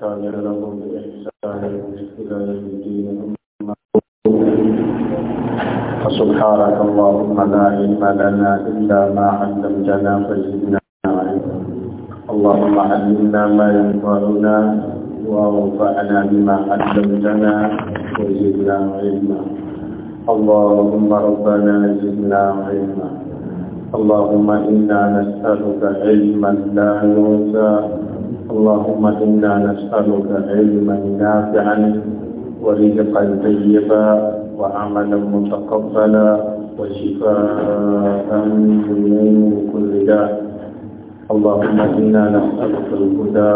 تعجل بإحسان إلى يوم الدين فسبحانك اللهم لا علم لنا إلا ما علمتنا فزدنا علما اللهم علمنا ما ينفعنا وانفعنا بما علمتنا وزدنا علما اللهم ربنا زدنا علما اللهم إنا نسألك علما لا ينسى اللهم إنا نسألك علما نافعا ورزقا طيبا وعملا متقبلا وشفاء من كل داء اللهم إنا نسألك الهدى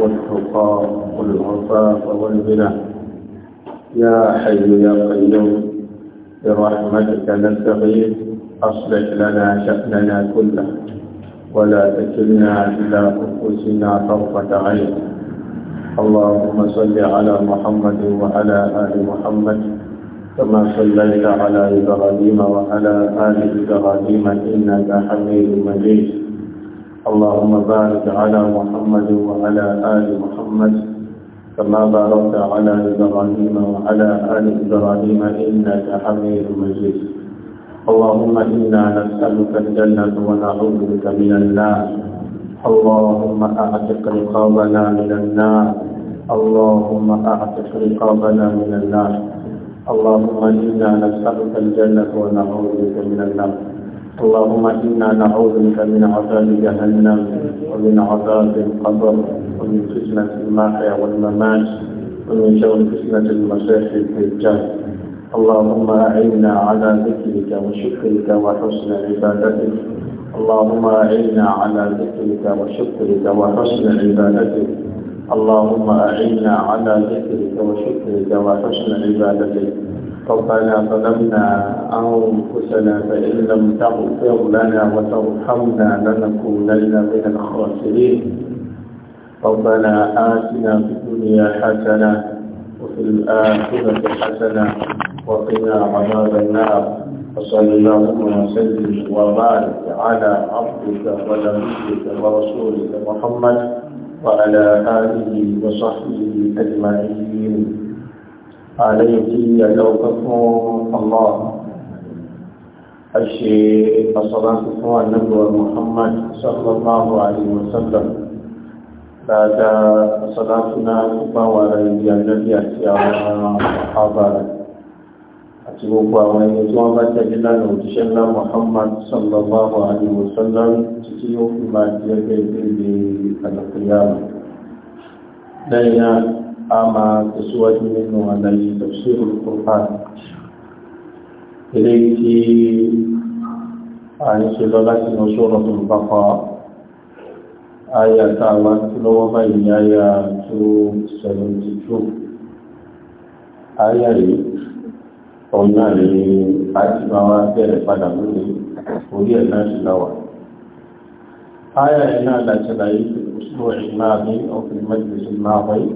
والتقى والعفاف والغنى يا حي يا قيوم برحمتك نستغيث أصلح لنا شأننا كله ولا تكلنا إلى أنفسنا طرفة عين اللهم صل على محمد وعلى آل محمد كما صليت على إبراهيم وعلى آل إبراهيم إنك حميد مجيد اللهم بارك على محمد وعلى آل محمد كما باركت على إبراهيم وعلى آل إبراهيم إنك حميد مجيد اللهم إنا نسألك الجنة ونعوذ بك من النار اللهم أعتق رقابنا من النار اللهم أعتق رقابنا من النار اللهم إنا نسألك الجنة ونعوذ بك من النار اللهم إنا نعوذ بك من عذاب جهنم ومن عذاب القبر ومن فتنة المحيا والممات ومن شر فتنة المسيح الدجال اللهم أعنا على ذكرك وشكرك وحسن عبادتك اللهم أعنا على ذكرك وشكرك وحسن عبادتك اللهم أعنا على ذكرك وشكرك وحسن عبادتك ربنا ظلمنا أنفسنا فإن لم تغفر لنا وترحمنا لنكونن من الخاسرين ربنا آتنا في الدنيا حسنة وفي الآخرة حسنة وقنا عذاب النار وصل اللهم وسلم وبارك على عبدك ونبيك ورسولك محمد وعلى آله وصحبه أجمعين عليك يدوكم الله الشيء الصلاة على النبي محمد صلى الله عليه وسلم بعد صلاتنا وعلى النبي أتيا وصحابه àti gbogbo àwọn ẹni tí wọ́n bá tẹ̀lé lánàá òjíṣẹ́ ńlá Muhammad sallallahu alaihi wasallam títí yóò fi máa di ẹgbẹ́ ìgbèrè àlàkìyàmù lẹ́yìn náà a máa tẹ̀síwájú nínú àlàyé tafsirul Qur'an ilé tí a ń ṣe lọ láti lọ suratul Baqara àyà tá a wá lọ́wọ́ báyìí àyà 272 àyà yìí òun náà lè àti máa wá bẹ̀rẹ̀ padà lórí orí ẹ̀ náà ṣùláwà. Áyà iná àdàṣẹ́lá yìí tó ìmáà ní ọkùnrin mẹ́jìlélẹ́sìn máa wáyé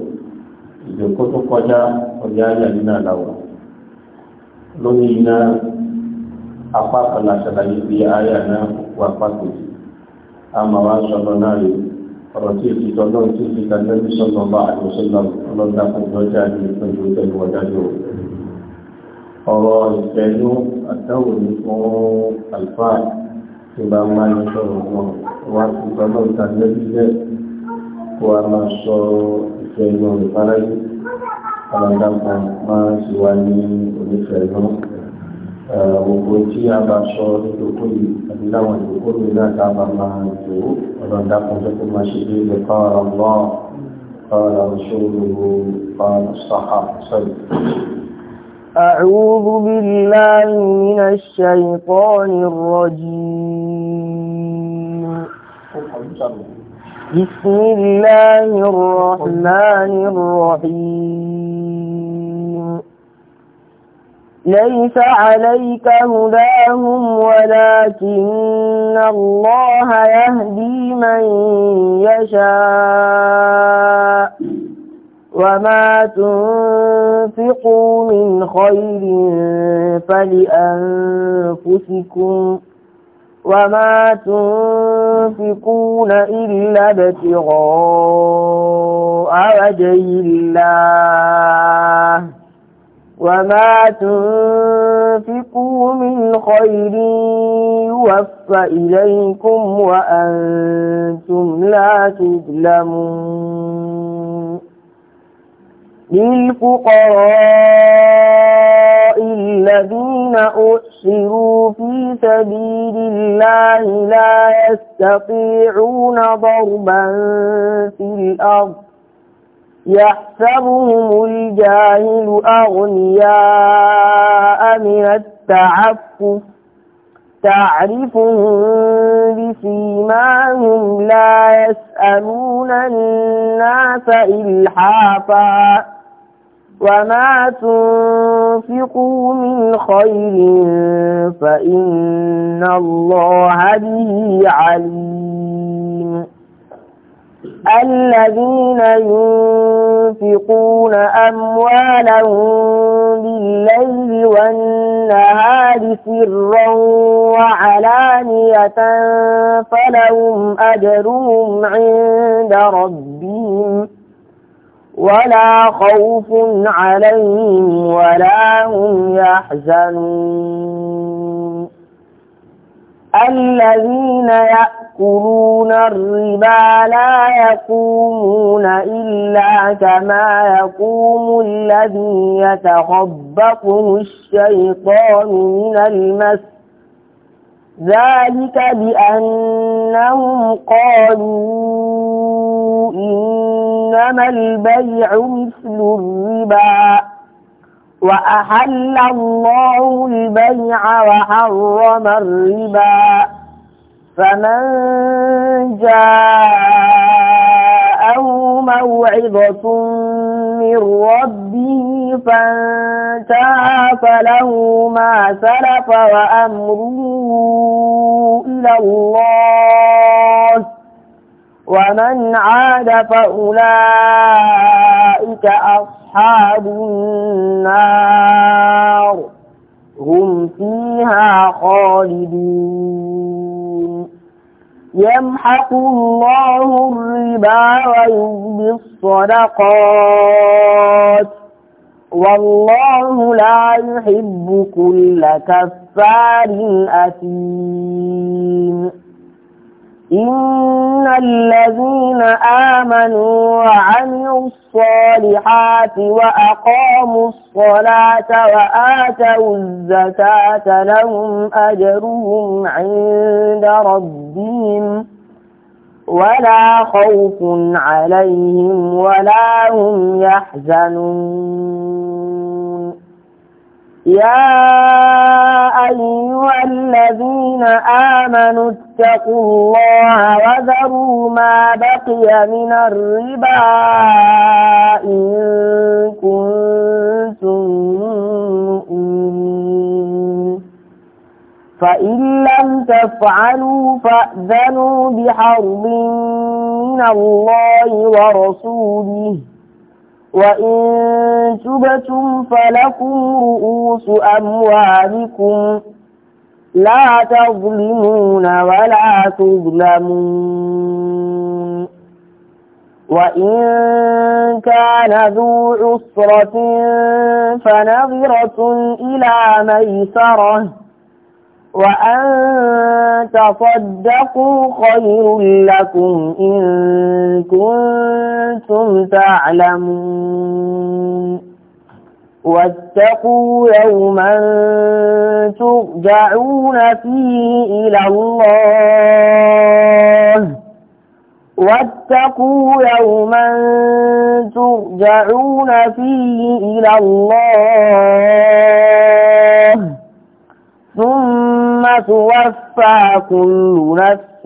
ìjòkó tó kọjá orí áyà iná láwà. Lórí iná apá kan àṣẹ́lá yìí bí áyà náà wà pàtó. A máa wá sọ̀rọ̀ náà rè ọ̀rọ̀ tí èsì tọ́lọ́ tí èsì kan lẹ́bí sọ̀rọ̀ bá àdúgbò sọ̀rọ̀ fún ìjọjà ní ìpínlẹ̀ ìwọ̀dájọ́ òkú ọ̀rọ̀ ìfẹ́lú àtàwò ní fún àlùfáà tí bá máa ń sọ̀rọ̀ wọn wá sí gbọ́dọ̀ ìtàlẹ́bí bẹ́ẹ̀ kó a máa sọ ìfẹ́lú ìfáráyé ọ̀làdàpọ̀ máa ń sì wá ní onífẹ́lú gbogbo tí a bá sọ lóko yìí àti láwọn ìdókò mi náà tá a bá máa jò ọ̀làdàpọ̀ tó kó máa ṣe bí ilẹ̀ kọ́ ọ̀rọ̀ mọ́ ọ̀rọ̀ ṣòro أعوذ بالله من الشيطان الرجيم بسم الله الرحمن الرحيم ليس عليك هداهم ولكن الله يهدي من يشاء وما تنفقوا من خير فلأنفسكم وما تنفقون إلا ابتغاء وجه الله وما تنفقوا من خير يوفى إليكم وأنتم لا تظلمون للفقراء الذين أحصروا في سبيل الله لا يستطيعون ضربا في الأرض يحسبهم الجاهل أغنياء من التعفف تعرفهم بسيماهم لا يسألون الناس إلحافا وما تنفقوا من خير فإن الله به عليم الذين ينفقون أموالهم بالليل والنهار سرا وعلانية فلهم أجرهم عند ربهم ولا خوف عليهم ولا هم يحزنون الذين يأكلون الربا لا يقومون إلا كما يقوم الذي يتخبطه الشيطان من المس ذلك بأنهم قالوا إنما البيع مثل الربا وأحل الله البيع وحرم الربا فمن جاء له موعظة من ربه فانتهى فله ما سلف وأمره إلى الله ومن عاد فأولئك أصحاب النار هم فيها خالدون يمحق الله الربا ويؤتي الصدقات والله لا يحب كل كفار أثيم إن الذين آمنوا وعملوا الصالحات وأقاموا الصلاة وآتوا الزكاة لهم أجرهم عند ربهم ولا خوف عليهم ولا هم يحزنون يا أيها الذين آمنوا اتقوا الله وذروا ما بقي من الربا إن كنتم مؤمنين فإن لم تفعلوا فأذنوا بحرب من الله ورسوله وإن تبتم فلكم رؤوس أموالكم لا تظلمون ولا تظلمون وإن كان ذو عسرة فنظرة إلى ميسره وأن تصدقوا خير لكم إن كنتم تعلمون واتقوا يوما ترجعون فيه إلى الله واتقوا يوما ترجعون فيه إلى الله ثم يوم توفى كل نفس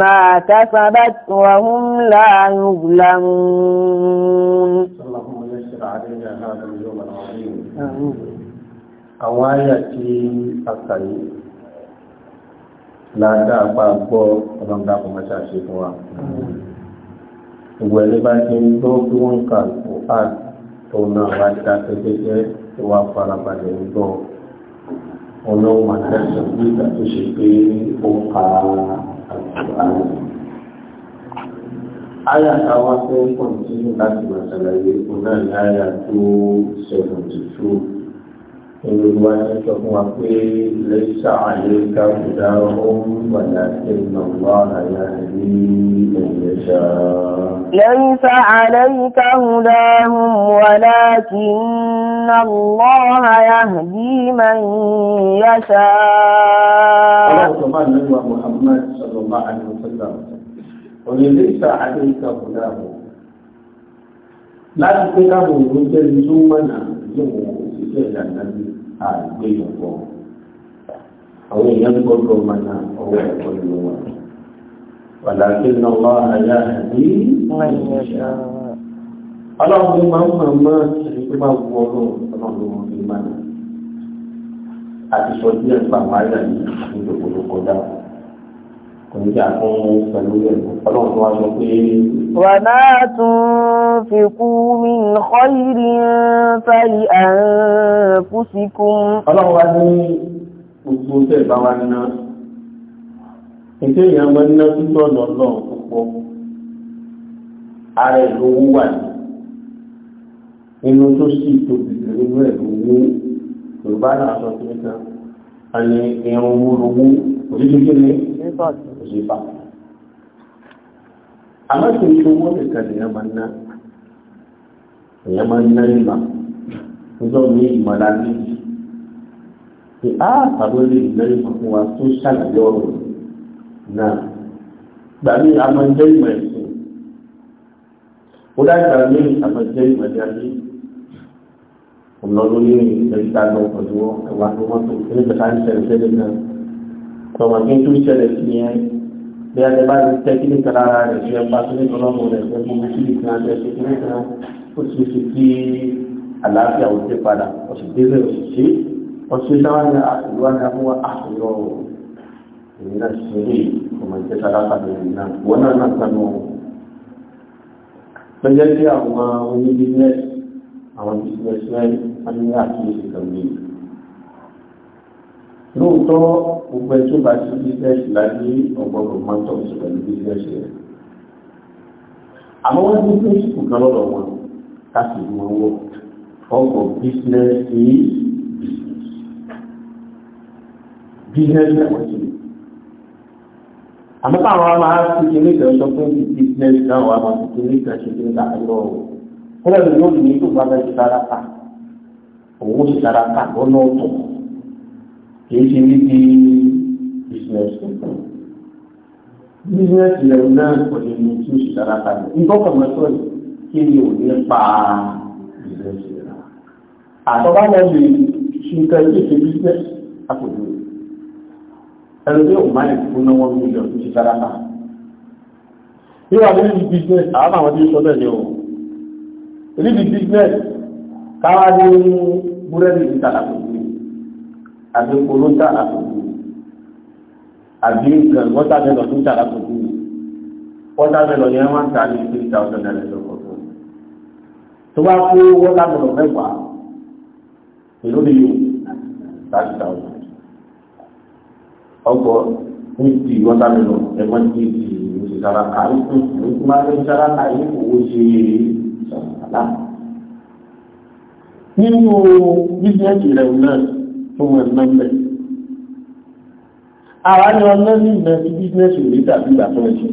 ما كسبت وهم لا يظلمون اللهم يسر علينا هذا اليوم العظيم àwọn àyà tí a kàyé láàdáa pa gbọ́ ọlọ́mdá kò mọ́ ṣàṣe fún wa ìwẹ̀lẹ́ bá ti ń gbọ́ bí wọ́n kà kò á tó náà wá dá tẹ́tẹ́tẹ́ tó wá farabalẹ̀ ń gbọ́ ọlọ́run àtẹ́sọ̀ ní ìgbà tó ṣe pé ó ka àgbàrá. Àyà táwa fẹ́ pọ̀ nínú láti wà ṣàlàyé ọ̀nà ìyá àyà tó 72. olùwàlẹ̀ sọ fún wa pé lè ṣàlẹ̀ káfíńdà ohun pàtàkì ليس عليك هداهم ولكن الله يهدي من يشاء الله سبحانه وتعالى محمد صلى الله عليه وسلم قل ليس عليك هداهم láti pé káàbọ̀ òun jẹ́ ní tó mọ̀nà lóhùn òṣìṣẹ́ ìlànà ní àgbéyọ̀pọ̀ àwọn èèyàn gbọ́dọ̀ mọ̀nà ọwọ́ ẹ̀kọ́ ìlú wa wàlàkí ní ọba àyà àbí ọlọ́run máa ń mọ̀ mọ́ ẹni tó bá wù ọlọ́run ọlọ́run wọn fi mọ̀nà àti sọ díẹ̀ nípa wàhálà yìí ní ìdòkòlò kọjá kò ní kí a fún pẹ̀lú ẹ̀kọ́ ọlọ́run tó wá sọ pé. wà náà tún. تنفقوا من خير فلأنفسكم ọlọ́run wá ní gbogbo tẹ́ bá wá ná ìtẹ́yìn àmọ́ ná títọ́ lọ́lọ́ ìlówó wà ní inú tó sì tóbi jù nínú ẹ̀lówó yorùbá náà sọ pé ká a ní irun owó lówó òṣìṣẹ́ kí ni òṣìṣẹ́ bá àmọ́ kì í ṣe owó nìkan nìyẹn èèyàn máa ń ná ìmà nígbà mí ìmọ̀ la ní ìdí pé á tàbí lè ná ìmọ̀ fún wa tó ṣàlàyé ọ̀rọ̀ náà gbà mí a máa ń jẹ́ ìmọ̀ ẹ̀sìn ó dájà mí a máa jẹ́ ìmọ̀ ẹ̀dá ní ọ̀nà lórí ìgbẹ́ta lọ pẹ̀lú ẹ̀wà tó wọ́n tó ní ìgbẹ́ta ń ṣẹlẹ̀ ṣẹlẹ̀ náà tọ̀wọ̀n kí n tó ṣẹlẹ̀ sí yẹn bí a lè bá ti tẹ́ kí ní kan lára rẹ̀ ṣe ẹ̀ bá kí ní kan rẹ̀ ṣe ó ṣe ṣe kí àlàáfíà ó dé padà ó sì dé bẹ́ẹ̀ ó sì ṣe ó ṣe dáwà ní àṣìlú wa ní abúwá àṣìlọ èyí náà ṣe rí ọmọ ìjẹ́ sálápà lórí náà wọ́n náà náà gbàgbọ́ wọn. lọ́jọ́ tí àwọn oní bísíǹnẹ́sì àwọn bísíǹnẹ́sì mẹ́rin wọ́n ní àkíyèsí kan bí i. lóòótọ́ gbogbo ẹ̀ tó bá ti bísíǹnẹ́sì láyé ọgbọ́dọ̀ máa ń tọ́ àmọ́ wọ́n ní píríṣìpù kan lọ́dọ̀ wọn láti mọ owó ọkọ̀ bísínẹ́sì bísínẹ́sì àwọn ti lè. àmọ́ káwọn máa fi kíní kan sọ pé ní bísínẹ́sì náà wà máa fi kíní kan ṣe kíní kan lọ o. kọ́lá ni yóò ní tó bá fẹ́ ṣe sára pa òun ṣe sára pa lọ́nà ọ̀tọ̀ kì í ṣe níbi bísínẹ́sì nìkan bísínẹ́sì rẹ̀ náà kò ní ní tí ó ṣe sára pa ní. nǹkan kan máa sọ̀rọ̀ kí ni ò ní pa ìrẹsì rà àtọ́bá wọn lè ṣe nǹkan tí èsì bí jẹ́ àpòjù ẹni tí òun máa ń fún náà wọn mílíọ̀n tó ti sára náà yóò wà níbi business àwọn àwọn tí ó sọ bẹ́ẹ̀ ni ó níbi business káwá ní búrẹ́dì níta àpòjù àbí polówó ta àpòjù àbí nǹkan wọ́tà mélòó tó ta àpòjù wọ́tà mélòó ni wọ́n ń ta ní three thousand naira lọ tó bá kó wọ́tà mọ̀nà mẹ́wàá èló ni yóò láti ta ọ̀sán ọkọ̀ ní ti wọ́tà mọ̀nà ẹ̀wọ́n ti di òṣìṣàrà kàrí fún ìrúkúmá lóṣìṣàrà kàrí owó ṣe ṣàlá. nínú bíbélì rẹ̀ náà tó wọ̀ ẹ̀ mẹ́mẹ́ àwọn ni ọlọ́ni ìgbẹ́ bíbélì rẹ̀ tàbí ìgbà tó ẹ̀ ṣe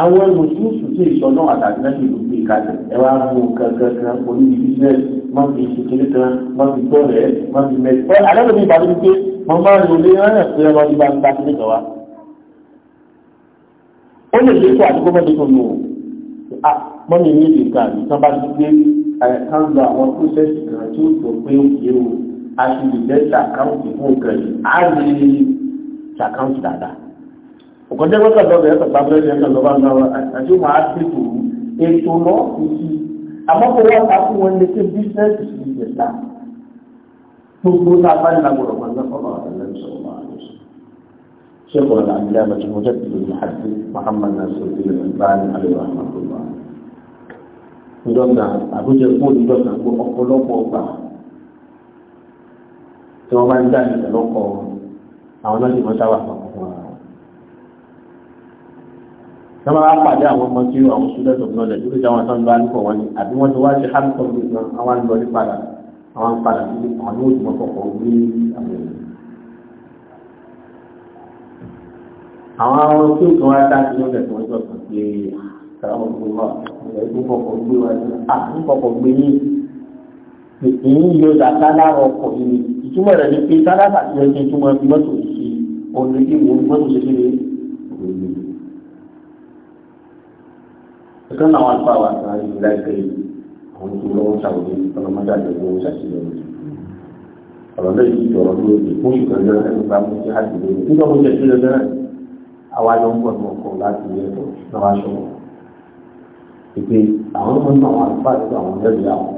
àwọn mùsùlùmí tó ìṣọ̀nà àtàkì náà ìlú gbé kalẹ̀ ẹwà mú kankankan oníbi bísíẹ̀sì má fi ṣe kéré kan má fi gbọ́ rẹ̀ má fi mẹ́rin pẹ́ alẹ́lẹ́ mi ìbàdí pé mo máa ń lòlé rẹ̀ pé ẹwà ìgbà ń ta sílẹ̀ jọwa. ó lè lé tó àdúgbò mẹ́rin tó lò ó ah, mọ́ mi ní èdè kan àbí tán bá ti gbé kan lọ àwọn pósẹ́sì kan tí ó sọ pé ó yé o a ti lè bẹ́ ṣàkáǹtì fún òkè yìí á lè ṣàkáǹtì dáadáa ọ̀kọ́jẹ́ gbọ́kànlọ́ bẹ̀rẹ̀ tọ̀gbà bẹ́rẹ̀ ẹ̀kọ́ lọ́wọ́ náà àti wọ́n á ti tò ètò náà fi sí àmọ́kọ̀ wọ́n ta fún wọn létí bísẹ́ẹ̀sì sí ilẹ̀ ta gbogbo náà bá ní agbọ̀rọ̀ wọn lọ́kọ̀ọ́ شيخ العلامة المجدد المحدث محمد ناصر الدين الألباني عليه رحمة الله ndọ́nà àbújá fún ndọ́nà gbọ́ ọ̀pọ̀lọpọ̀ ọgbà tí wọ́n bá ń dá ìtẹ̀lọ́kọ̀ àwọn náà ti mọ́ta wà fún wa sábà wá pàdé àwọn ọmọ tí àwọn student of knowledge lórí àwọn tó ń bá nípò wọn ni àbí wọn ti wá ṣe hamilton gate náà àwọn ń lọ ní padà àwọn ń padà sí àwọn ní òjò mọ́kọ̀ọ̀kọ̀ ní àwọn èèyàn. àwọn tí ó kàn wá dá sí lọ́dẹ̀ tí wọ́n jọ kàn sí àwọn ọmọ wa ìyẹn tó kọ̀ọ̀kọ̀ gbé wa ní àkókọ̀ọ̀kọ̀ gbé ní ìyín yóò dá sálára ọkọ̀ yìí ìtumọ̀ rẹ̀ ni pé sálára àti ọjọ́ ìkan náà wọn fà wá sáré ìlú láìpẹ́ yìí àwọn tó lọ́wọ́ sàwọ́dé ọlọ́mọdé àjọyọ̀ owó ṣàṣeyọrọ ọ̀rọ̀ náà yìí jọ̀rọ̀ ló lè fún ìgbàlẹ̀ ẹni bá mú sí àti lórí nígbà macam. jẹ́ sílẹ̀ náà àwa yọ ń bọ̀ ní ọkọ̀ láti ilé ẹ̀kọ́ náà wá ṣọwọ́ ìpè àwọn ọmọ náà wọn àlùfáà tó àwọn lẹ́rìí àwọn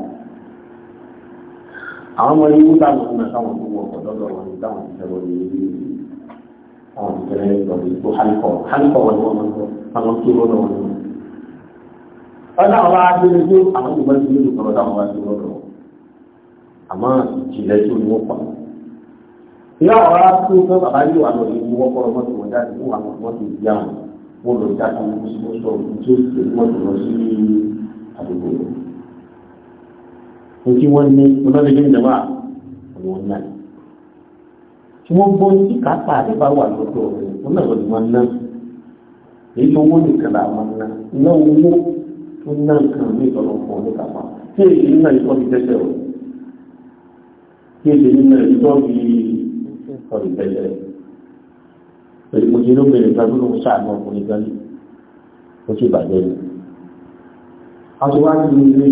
àwọn ọmọ yìí wúta lọ fún ẹ̀káwọn tó wọ ọkọ̀ lọ́dọ̀ wọn ní táwọn ti tẹ̀wọ́ ní ilé àwọn ti tẹ̀lé lọ́dọ̀ ọlọ́run wá dé ní àwọn ìgbà tí yóò sọ̀rọ̀ táwọn wá sí lọ́dọ̀ àmọ́ ìjìnlẹ̀ tó ní wọ́n pa. ìyá ọ̀rá tó fẹ́ bàbá yìí wà lọ ìlú wọ́n kọ́rọ́ mọ́tò wọn jáde fún àwọn mọ́tò ìdí àwọn wọn lọ jáde ní sọ tí ó sì mọ́tò lọ sí àdúgbò rẹ̀. Nítí wọ́n ní olóògbé ìjọba àwọn náà. Tí wọ́n gbọ́ sí kápá àdébá wà tó ná nǹkan ní ìtọ́nà fún ọ kàpá tí èyí nínú ìtọ́ fi tẹ́tẹ́ o tí èyí nínú ìtọ́ fi ìtọ́ fi tẹ́tẹ́ pẹ̀lú mo ṣe ló bèrè nǹkan tó lóun ṣàánú ọkùnrin gan ni ó sì bàjẹ́ ni. aṣíwájú ilé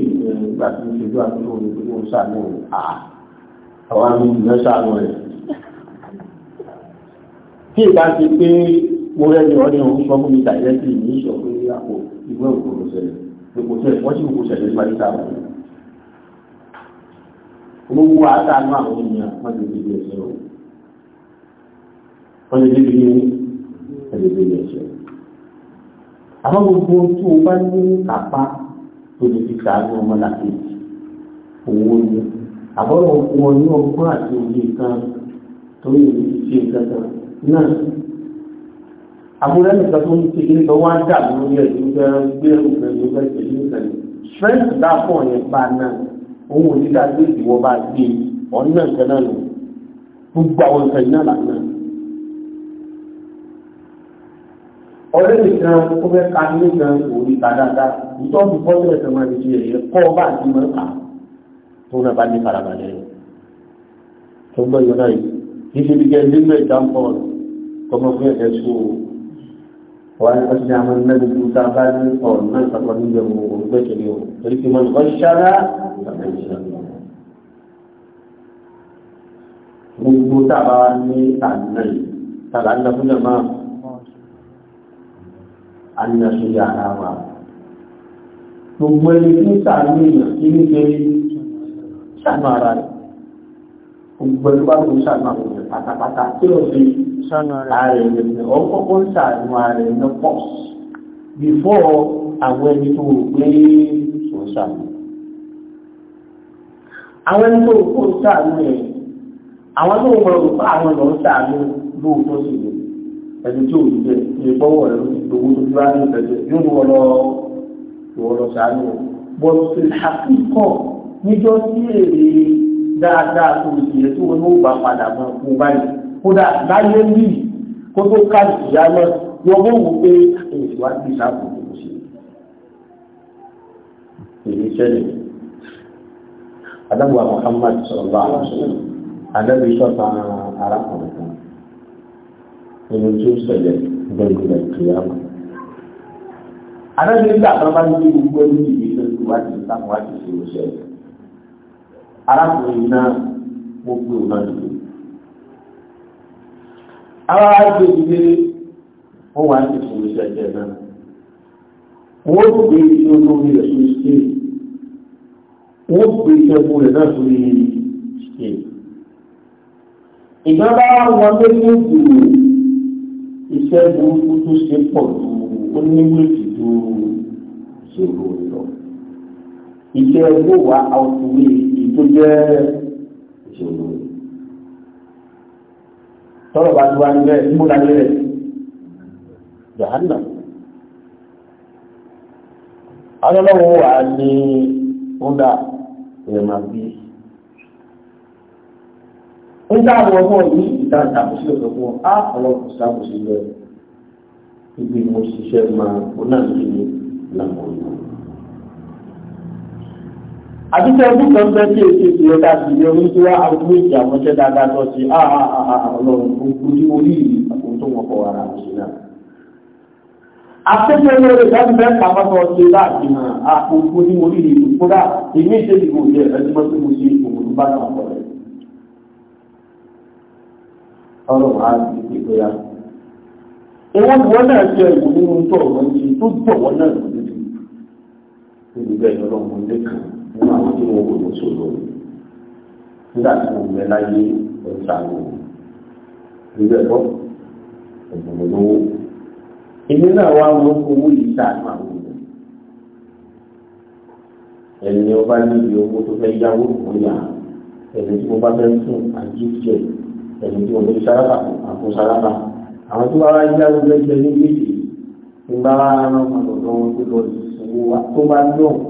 ìgbà tí mo ṣèjú àtúntò ní pé ó ṣàánú à àwọn àmì ìgbà ṣàánú rẹ̀. tí ìgbà ti pé mo rẹ́ni ọ̀rẹ́ òun sọ fún mi dàjẹ́ sí ìní ìṣọ̀kan ìyàpò ìwé òkúrò sẹ́yìn gbogbo sẹ wọn sì gbogbo sẹ lórí wáyé sáà wọn. olówó àtàánú àwọn ènìyàn wọn ti débi ẹsẹ o wọn ti débi ní ẹdẹgbẹ ẹsẹ. àmọ́ gbogbo tí o bá ní kápá tó lè fi sàánú ọmọ láti owó ni àbọ̀rọ̀ wọn ní ọgbọ́n àti òye kan tó yẹ kí ṣe nǹkan náà àbúrẹ́ nìkan tó ń ṣe kí nìkan wá dà lórí ẹ̀ tó fẹ́ gbé òfin tó fẹ́ ṣe nìkan ni strength dá fún ọ̀yẹ́ bá náà òun ò ní dá sí ìwọ bá gbé ọ̀nà nǹkan náà nù gbogbo àwọn nǹkan iná lànà. ọ̀rẹ́ nìkan ó fẹ́ ka nìkan òní ta dáadáa ìtọ́jú bọ́ọ̀lù ẹ̀sẹ̀ máa ń ṣe ẹ̀yẹ kọ́ bá àti máa ń kà tó náà bá ní farabalẹ̀ rẹ̀ tó gbọ́ yọ náà yìí kí ṣe bí kẹ́ ẹ̀ nínú ẹ̀dá ń pọ̀ kọ́mọ fún ẹ̀kẹ́ sóòrò wọ́n á ti àwọn iná dúdú tá a bá ní ọ̀rọ̀ náà sábà ní ìyẹ̀wò olùgbẹ́kẹ̀lé o torí pé wọn kọ́ ṣára tàbí ìṣẹ́ gbogbo tá a ní àná yìí tàbí àná fún jàmbá àná sí yàrá wa gbogbo ẹni tí ń sàánú èèyàn kí ní ara rẹ̀ gbogbo ẹni bá tó sànù àwọn èèyàn pátápátá kí ló fi sànù ààrẹ ìrìnà ọkọ̀ọ̀kọ̀ ń sànù ààrẹ ìrìnà pọ̀ bífọ́ àwọn ẹni tó rò pé kò sànù. àwọn ẹni tó rò pé kò sànù ẹ̀ àwọn tó mọ̀ rò pé àwọn lọ ń sànù lóòótọ́ sí ni ẹni tí ò ní jẹ ní gbọ́wọ́ rẹ̀ ló ti gbowó tó bá ní ìfẹ̀jẹ̀ yóò wọ lọ wọ lọ sànù bọ́ọ̀lù tó ní àkíkọ̀ níjọ́ sí èrè dáadáa tó o ṣe tó o ní ògbà padà mọ́ fún báyìí kódà láyé ní kó tó ká ìyá lọ yọ bó wù pé ìwádìí ìṣàkóso kò ṣe èyí ṣẹlẹ̀ adábọ̀ Muhammad sọ̀rọ̀ adábọ̀ ìṣọ̀tà arákùnrin kan nínú tí ó ṣẹlẹ̀ gbẹ̀gbẹ̀ kìyàmù adábọ̀ ìgbà tó bá ní gbogbo ẹni ìgbésẹ̀ ìwádìí ìṣàkóso kò ṣe arákùnrin náà mo gbé òun náà dìde. ara gbé dìde wọ́n wá sí fún iṣẹ́ ẹ̀jẹ̀ náà wọ́n tó gbé iṣẹ́ olómi rẹ̀ sí ṣe wọ́n gbé iṣẹ́ ẹ̀kú rẹ̀ náà sórí ṣe. ìjọba wọn lé ní ìgbìmọ̀ iṣẹ́ burúkú tó ṣe pọ̀ ju ó ní wíìtì tó ṣe lò lọ. iṣẹ́ ẹgbẹ́ wa àwọn òwe tó jẹ́ ìṣòro tọ́rọ̀ bá ti wá nílẹ̀ ìmúlàjẹ́ rẹ̀ jàhánà alọ́lọ́wọ́ wà ní ọ̀dà ẹ̀mà bí ń dáàbò ọgbọ́n yìí ìdáàbòsí ọ̀sọ̀gbọ́n á ọlọ́pùsí àbòsí lọ ìgbìmọ̀ òṣìṣẹ́ máa onáàbí ní làmọ́ ìmọ̀ àti tẹ ẹbí kan bẹ tí èsì ìpìlẹ̀ ta sì ní orí tí wá arúgbó ìjà àwọn dáadáa tó ti àhàhà ah, ah, ah, ọlọ́run gbogbo ní orí ìlú àkókò tó wọ́n kọ̀ wá ara àti náà. jẹ́ ẹni mọ́ tí mo ṣe òun bá náà ṣe ìwò nínú tọ̀rọ̀ nínú àwọn tí wọn kò ní sòrò nígbà tí wọn bẹ láyé ọjà lò nígbà tó ẹgbẹ̀rún lówó èmi náà wá mú owó yìí sáànù àwọn èèyàn ẹni ọba níbi owó tó fẹ́ yáwó fún yà ẹni tí mo bá fẹ́ fún àjíjẹ ẹni tí mo fẹ́ sárábà àpò sárábà àwọn tí wọn bá yáwó lẹ́gbẹ̀ẹ́ ní méjì ń bá wọn lọ́dọ̀ wọn tó lọ sí owó wa tó bá lọ́wọ́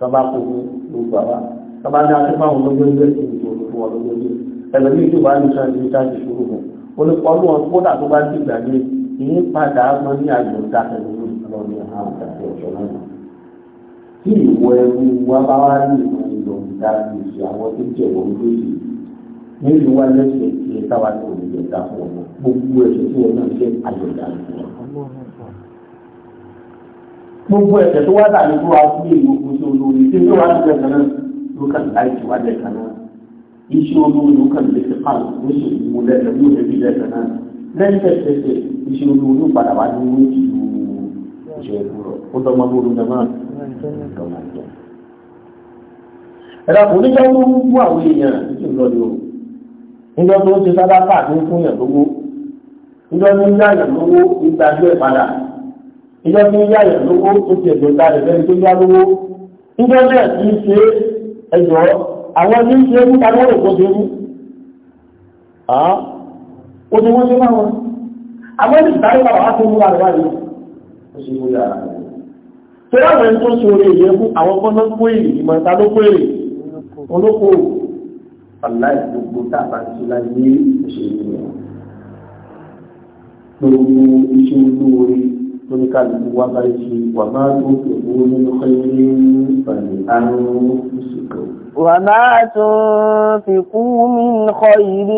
tọ́ba kò ní gbogbo àwa tọ́ba ní aṣọ fáwọn olóògbé ẹ̀sìn ìgbòho fún ọlọ́gbẹ́gbẹ́ ẹlòmíì tó bá ní sọ́ọ́dún ìtàjì ṣòro fún olùkọ́lù ọ̀hún kódà tó bá dìgbà ní ìyín padà mọ́ ní àjò dákẹ́lú lọ́ní àwọn àti ọ̀ṣọ́ náà tí ìwọ ẹrú wa bá wá ní ìmọ̀ ìlò ìdájọ́ àwọn tó jẹ́ wọn lóye nílùú wa lẹ́sẹ̀ tí ẹ táwa ní òmìnira fún ọmọ gbogbo ẹ̀sẹ̀ tí wọn náà jẹ́ àjọ̀dá fún gbogbo ẹ̀ṣẹ̀ tó wá dà ní kó wa sí èyí ogun sí olórí tí ó wá sí ẹ̀ṣẹ̀ náà ló kàn láì tí wá lẹ́ẹ̀kan náà iṣẹ́ olórí ló kàn lè fi pààlù ló sì mú lẹ́ẹ̀kan ló lè fi lẹ́ẹ̀kan náà lẹ́sẹ̀kẹsẹ̀ iṣẹ́ olórí ló padà wá ní wọ́n ti lu iṣẹ́ ìgbúrọ̀ ó dọ́gbọ́n ló lù dọ́gbọ́n ẹ̀dá kò ní jẹ́ wọ́n mú àwọn èèyàn títí lọ́dọ̀ o nígbà tó ń ṣe sábà pàdé fún yàn lówó nígbà tó ń yá yàn lówó nígbà tó ẹ̀ padà ìjọ tí ń yá yẹn lówó ó ti ẹ̀dùn kalẹ̀ lẹ́ni tó yá lówó ìjọ náà ti ń ṣe ẹ̀yọ́ àwọn ní ṣe mú ta lọ́rọ̀ tó ṣe mú ó ti wọ́n ṣe máa wọn àwọn ní ìtàrí bàbá wá tó mú àríwá yìí ó ṣe mú yàrá tó láwọn ẹni tó ṣe orí èyẹ fún àwọn kọ́nà kó èrè ìmọ̀ ta ló kó èrè olóko aláì gbogbo tá a bá ti láyé òṣèlú rẹ̀ gbogbo iṣẹ́ olóore lórí kálukú wá bá ṣe wà máa tó kẹ̀kọ́ nínú kẹ́lẹ́ ìbàlẹ̀ àrùn ìṣèkọ̀. وما تنفقوا من خير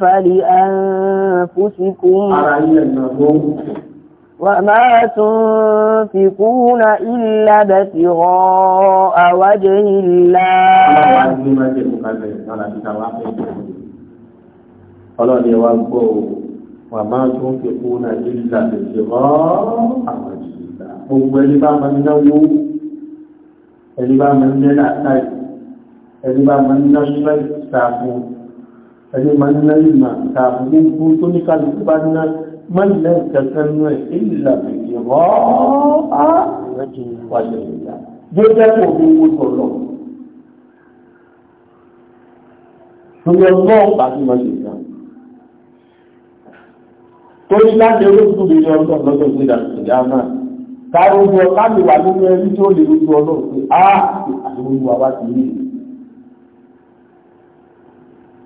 فلأنفسكم وما تنفقون إلا ابتغاء وجه الله ọlọ́ni wa gbọ́ wàmá tó ń fi kó náà ìlà lèṣe rọ́ àwọn ìlà gbogbo ẹni bá máa ń náwó ẹni bá máa ń ná láàkáì ẹni bá máa ń ná ṣúlẹ̀ ìtàkùn ẹni máa ń ná ìmọ̀ ìtàkùn gbogbo tó ní kálukú bá ná mọ́lẹ̀ kankan nú ẹ̀ ìlà rọ́ àwọn torí láti olóòtú mi ní ọjọ́ lọ́jọ́ ìgbé ìdàgbà náà káàró ní ọ káàmì wà nínú ẹni tí ó lè rújú ọlọ́run pé á àdúgbò wa wá sí yìí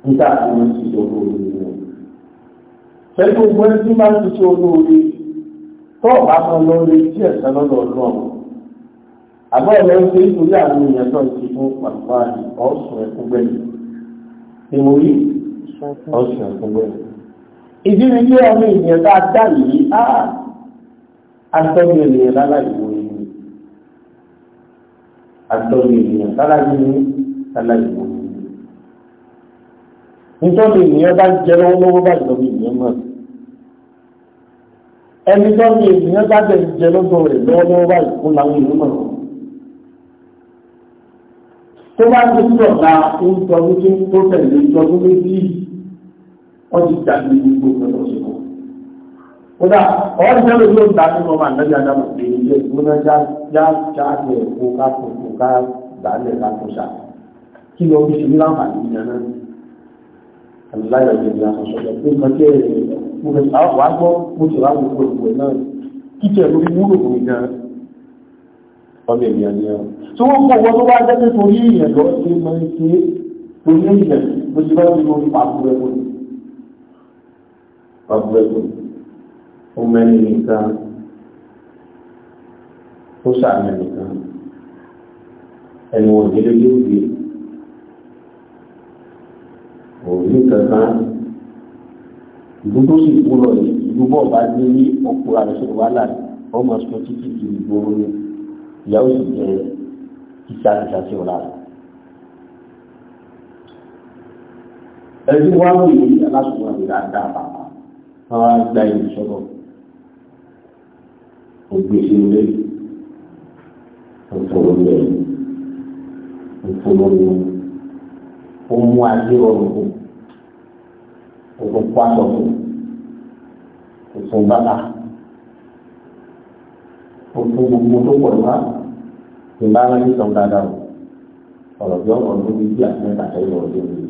nígbà tí wọ́n ti ṣe olóore ní pẹ̀lú gbogbo ẹni tí máa ń ti olóore tó ọ̀bá kan lọ rí ẹ̀sán lọ́dọ̀ ọlọ́run àbọ̀ ẹ̀rọ ń ṣe nítorí àwọn èèyàn náà ti fún pàtàkì ọ̀sùn ẹ̀kúngbẹ̀yìn ìdílé ilé ọmọ ènìyàn tá a dá yìí á atọ́jú ènìyàn lára ìwò yìí atọ́jú ènìyàn lára yìí lára ìwò yìí nítorí ènìyàn bá jẹ lọ́wọ́ lọ́wọ́ bá ìjọba ènìyàn mọ̀ ẹni tó ní ènìyàn bá jẹ jẹ lọ́dọ̀ rẹ̀ lọ́wọ́ lọ́wọ́ bá ìkún làwọn ènìyàn mọ̀ tó bá ti sọ̀tà ń sọ wípé tó tẹ̀lé ìjọba méjì yìí wọ́n ti dàbí gbogbo ọ̀dọ́ sí wọn. Kódà, ọ̀rọ̀ ìṣẹ́ lórí òun dàbí ọmọ àdájọ́ àdámọ̀ pé ilé ìgbóná já jáde ẹ̀kọ́ ká kòkò ká dàálẹ̀ ká kò sá. Kí lọ bí ṣèlú láǹfààní ìyá náà? Àlùláyọ̀ ìjọba ìyá kan sọ̀rọ̀ pé nǹkan tí ẹ̀ mo fẹ́ sá wàá gbọ́ mo ti wá gbogbo ìwé náà. Kíkẹ́ lórí wúlò fún mi gan-an. Ọmọ ènìyàn ni ọ. Tí wọ́n kọ̀ wọ́n tó bá jẹ́ pé torí ìyẹn lọ máa ń ṣe oníyẹn mo ti bá ti lórí pàtó ẹ̀kọ́ ọgbẹ́gun ó mẹ́ni nìkan ó sàmì nìkan ẹnu òjìlé yóò gbé òní kankan ìlú tó sì kú lọ yìí ìlú bọ̀ bá dé ní ọkùnrin àrẹsọ̀rọ̀ wàhálà ọmọ sọ títí di ìgboro ni ìyàwó sì jẹ ìta ìta sí ọ̀la rẹ̀. ẹni wá wòye aláṣọ wọn ni dáadáa bàbá káwá gba ìṣòro ògbèsè ilé òtòrò ilé òtòrò ilé kù òtò kó aṣọ bàtà òtò gbogbo tó pọ̀ lọ́wọ́ ìbára ní sọ̀rọ̀ ọ̀rọ̀ bí ọ̀rọ̀ ló ní bí àti mẹ́ta ẹ̀yọ̀ ọ̀dọ́ mi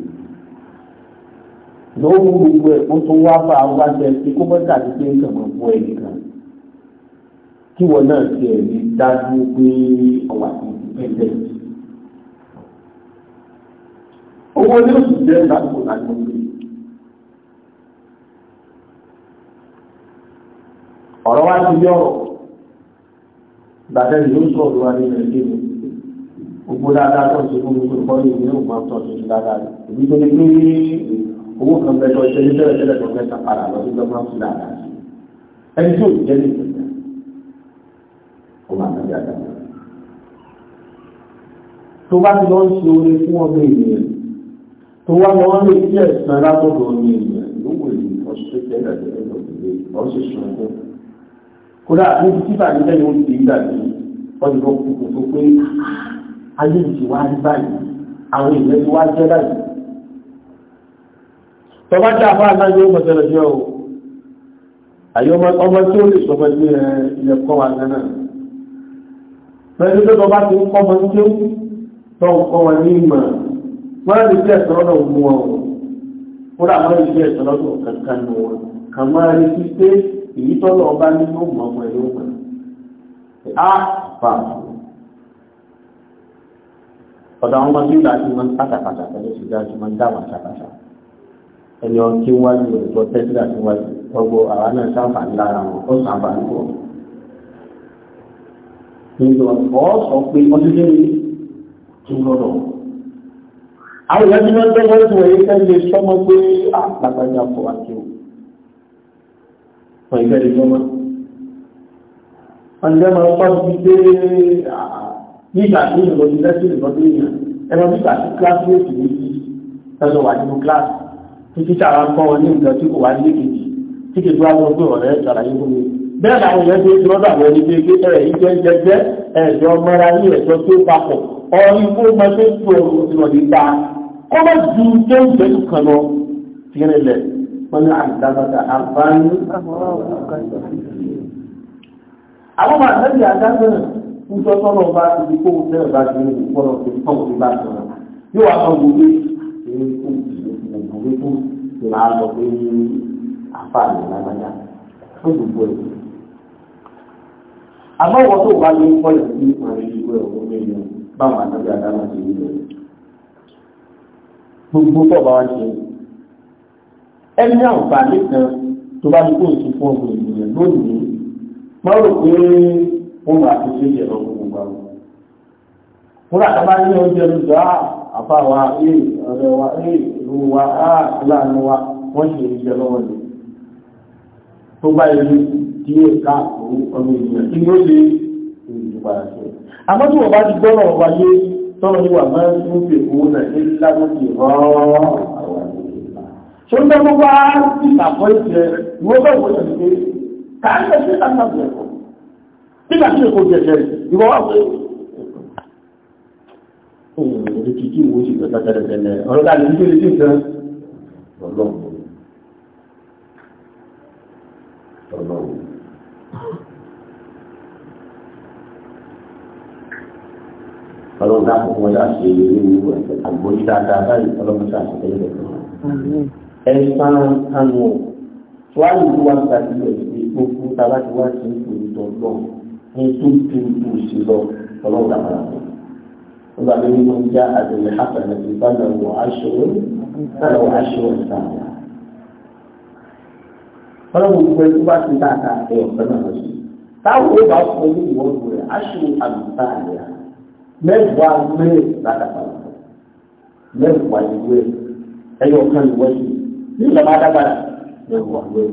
lóhùn gbogbo ẹ̀ kó tó wá bá wá jẹ pé kó mọ́tà ti pé nǹkan mọ́ fún ẹ̀yìn kan kí wọn náà ti ẹ̀ lè dájú pé ọwà ti ti pẹ́ owó ní oṣù jẹ́ ìdásùkò láti mọ̀ pé ọ̀rọ̀ wá ti yọ̀ gbàtẹ́ ìlú sọ̀rọ̀ wa ní nàìjíríà gbogbo dáadáa tó ń ṣe fún mi tó ní ìlú ògbọ́n tó ń ṣe dáadáa ìbí tó ní pé owó kan bẹ tó ṣe ní tẹ́lẹ̀ tẹ́lẹ̀ tó fẹ́ san lọ sí lọ́gbọ́n sí dáadáa ẹni tí ò ní ìgbésẹ̀ ó máa tẹ́lẹ̀ àdáyé tó bá ti lọ ń ṣe oore fún ọdún ènìyàn tó wá lọ ń lè kí ẹ̀sán látọ̀dọ̀ ọdún ènìyàn ló wò ọ̀ṣẹ́ tẹ́lẹ̀ tẹ́lẹ̀ lọ́gbẹ̀lẹ̀ ọ̀ṣẹ́ ṣọ̀gbọ́n kódà níbi tí bàbá ìjẹ́ yóò ti gbà bí ọdún lọ kò tó pé ah, ayé ti wá rí báyìí àwọn ìlẹ́sìn wá jẹ́ báyìí tọba tí àfáà náà yóò mọ̀ tẹ́lẹ̀ yóò àyọ ọmọ tí ó lè sọ pẹ̀lú ilẹ̀ kọ́ wa náà pẹ̀lú tó tọba tí ó kọ́ mọ tí ó tọ́ kọ́ wa ní ìmọ̀ wọ́n lè jẹ́ ẹ̀sọ́ lọ́dọ̀ mú wọn ó rà wọ́n lè jẹ́ ẹ̀sọ́ lọ́dọ̀ kankan nù wọn kà máa rí sí pé èyí tọ́lọ̀ ọba ní yóò mọ̀ ọmọ ẹ̀yọ́ mọ̀ á fà ọ̀dọ̀ àwọn ọmọ tí ó dájú mọ́ pátápátá pẹ̀lú ìdájú mọ́ dáwà pátápátá ẹyọ kí wájú ẹ̀tọ́ tẹ́sílà tí wájú ọgbọ́ àwa náà sáfàní lára wọn ó sáfàní wọn. nígbà ọ̀ sọ pé ọdún tó ní tó lọ́dọ̀. àwọn ìyá wọ́n tẹ́wọ́ ìwọ̀ yìí tẹ́lẹ̀ sọ́mọ pé àgbàgbàjà fọ àti o. wọ́n ìgbẹ́ lè sọ́mọ. wọ́n ìgbẹ́ máa pọ́ sí pé nígbà ah, tí ìlú ọdún lẹ́sìn ìlú ọdún yìí ẹ̀rọ nígbà tí kíláàsì ètò yìí tẹ́lẹ̀ wà nínú kíláàsì títí àwọn kọ́ wọn ní nǹkan tí kò wá ní kejì tí kejì wá gbọ́ pé ọ̀rẹ́ ṣàlàyé fún mi bẹ́ẹ̀ làwọn èèyàn ti lọ́dọ̀ àwọn ẹni pé pé ẹ̀ ìjẹ́ jẹjẹ ẹ̀jọ́ mọ́ra ní ẹ̀jọ́ tó papọ̀ ọ̀rí kó mọ tó tó ìrọ̀ nípa kọ́ bá ju jẹ́ǹjẹ́ kan lọ sí rẹ̀lẹ̀ wọn ní àdábàtà àǹfààní. àwọn máa tẹ́lẹ̀ àdájọ́ náà ń sọ sọ́nà bá ti di kó tẹ́lẹ̀ bá ti ní ìpọ́nà tó tọ́wọ́ ti bá sọ̀rọ̀ yóò wá sọ gbogbo èyí kó ti máa lọ pé ní àfààní lágbájá fún gbogbo ẹ̀. àmọ́ ìwọ tó wà ní kọ́lẹ̀ sí àwọn ìlú ẹ̀ ọ̀hún nínú báwọn àtàbí àdámà ti rí rẹ̀. gbogbo tó bá wá ṣe ẹni àǹfààní kan tó bá ní kó o ti fún ọgbọ̀n ènìyàn lónìí má rò pé ó máa fi ṣe ìjẹ̀rọ̀ gbogbo àwọn. fúnra kan ní oúnjẹ lóṣù àfà wa ẹ̀ ọ̀rẹ́ wa ẹ̀ ìlú wa á aláàánú wa wọ́n ṣe ìjẹ lọ́wọ́ ni tó bá ìlú díẹ̀ káàkiri ọmọ ènìyàn kí ni ó lè èrè padà sí ẹ̀. àmọ́ tí wọ́n bá ti gbọ́nà ọba yé tọ́rọ ní wà máa ń tún fi owó náà ní lágbókè rọ́ọ̀rọ̀ àwọn ìlú. ṣé ń tọ́jú wá ṣe kí kí ìwò sì gbẹ̀ta tẹ́lẹ̀tẹ́lẹ̀ ọ̀rọ̀ ká lè fi kéde sí wá gbàdí rẹ̀ pé gbogbo wá ti ń lọ ní tó tó tó sí lọ ọlọ́run náà nígbà tó ní wọn já àdìrẹ hàtàlẹ ìbáná wọ aṣọ náà wọ aṣọ ìsàlẹ̀. fọlọ́mù gbogbo ẹni tó bá ti dáadáa ẹ̀ ọ̀pẹ náà lọ sí. táwọn ò bá fọ ní ìwọ́n rẹ̀ aṣọ àgùntà rẹ̀ mẹ́wàá mẹ́rẹ̀ ládàbà mẹ́wàá ìwé ẹ̀yọ̀ kan ìwé yìí nígbà bá dábàrà mẹ́wàá ìwé.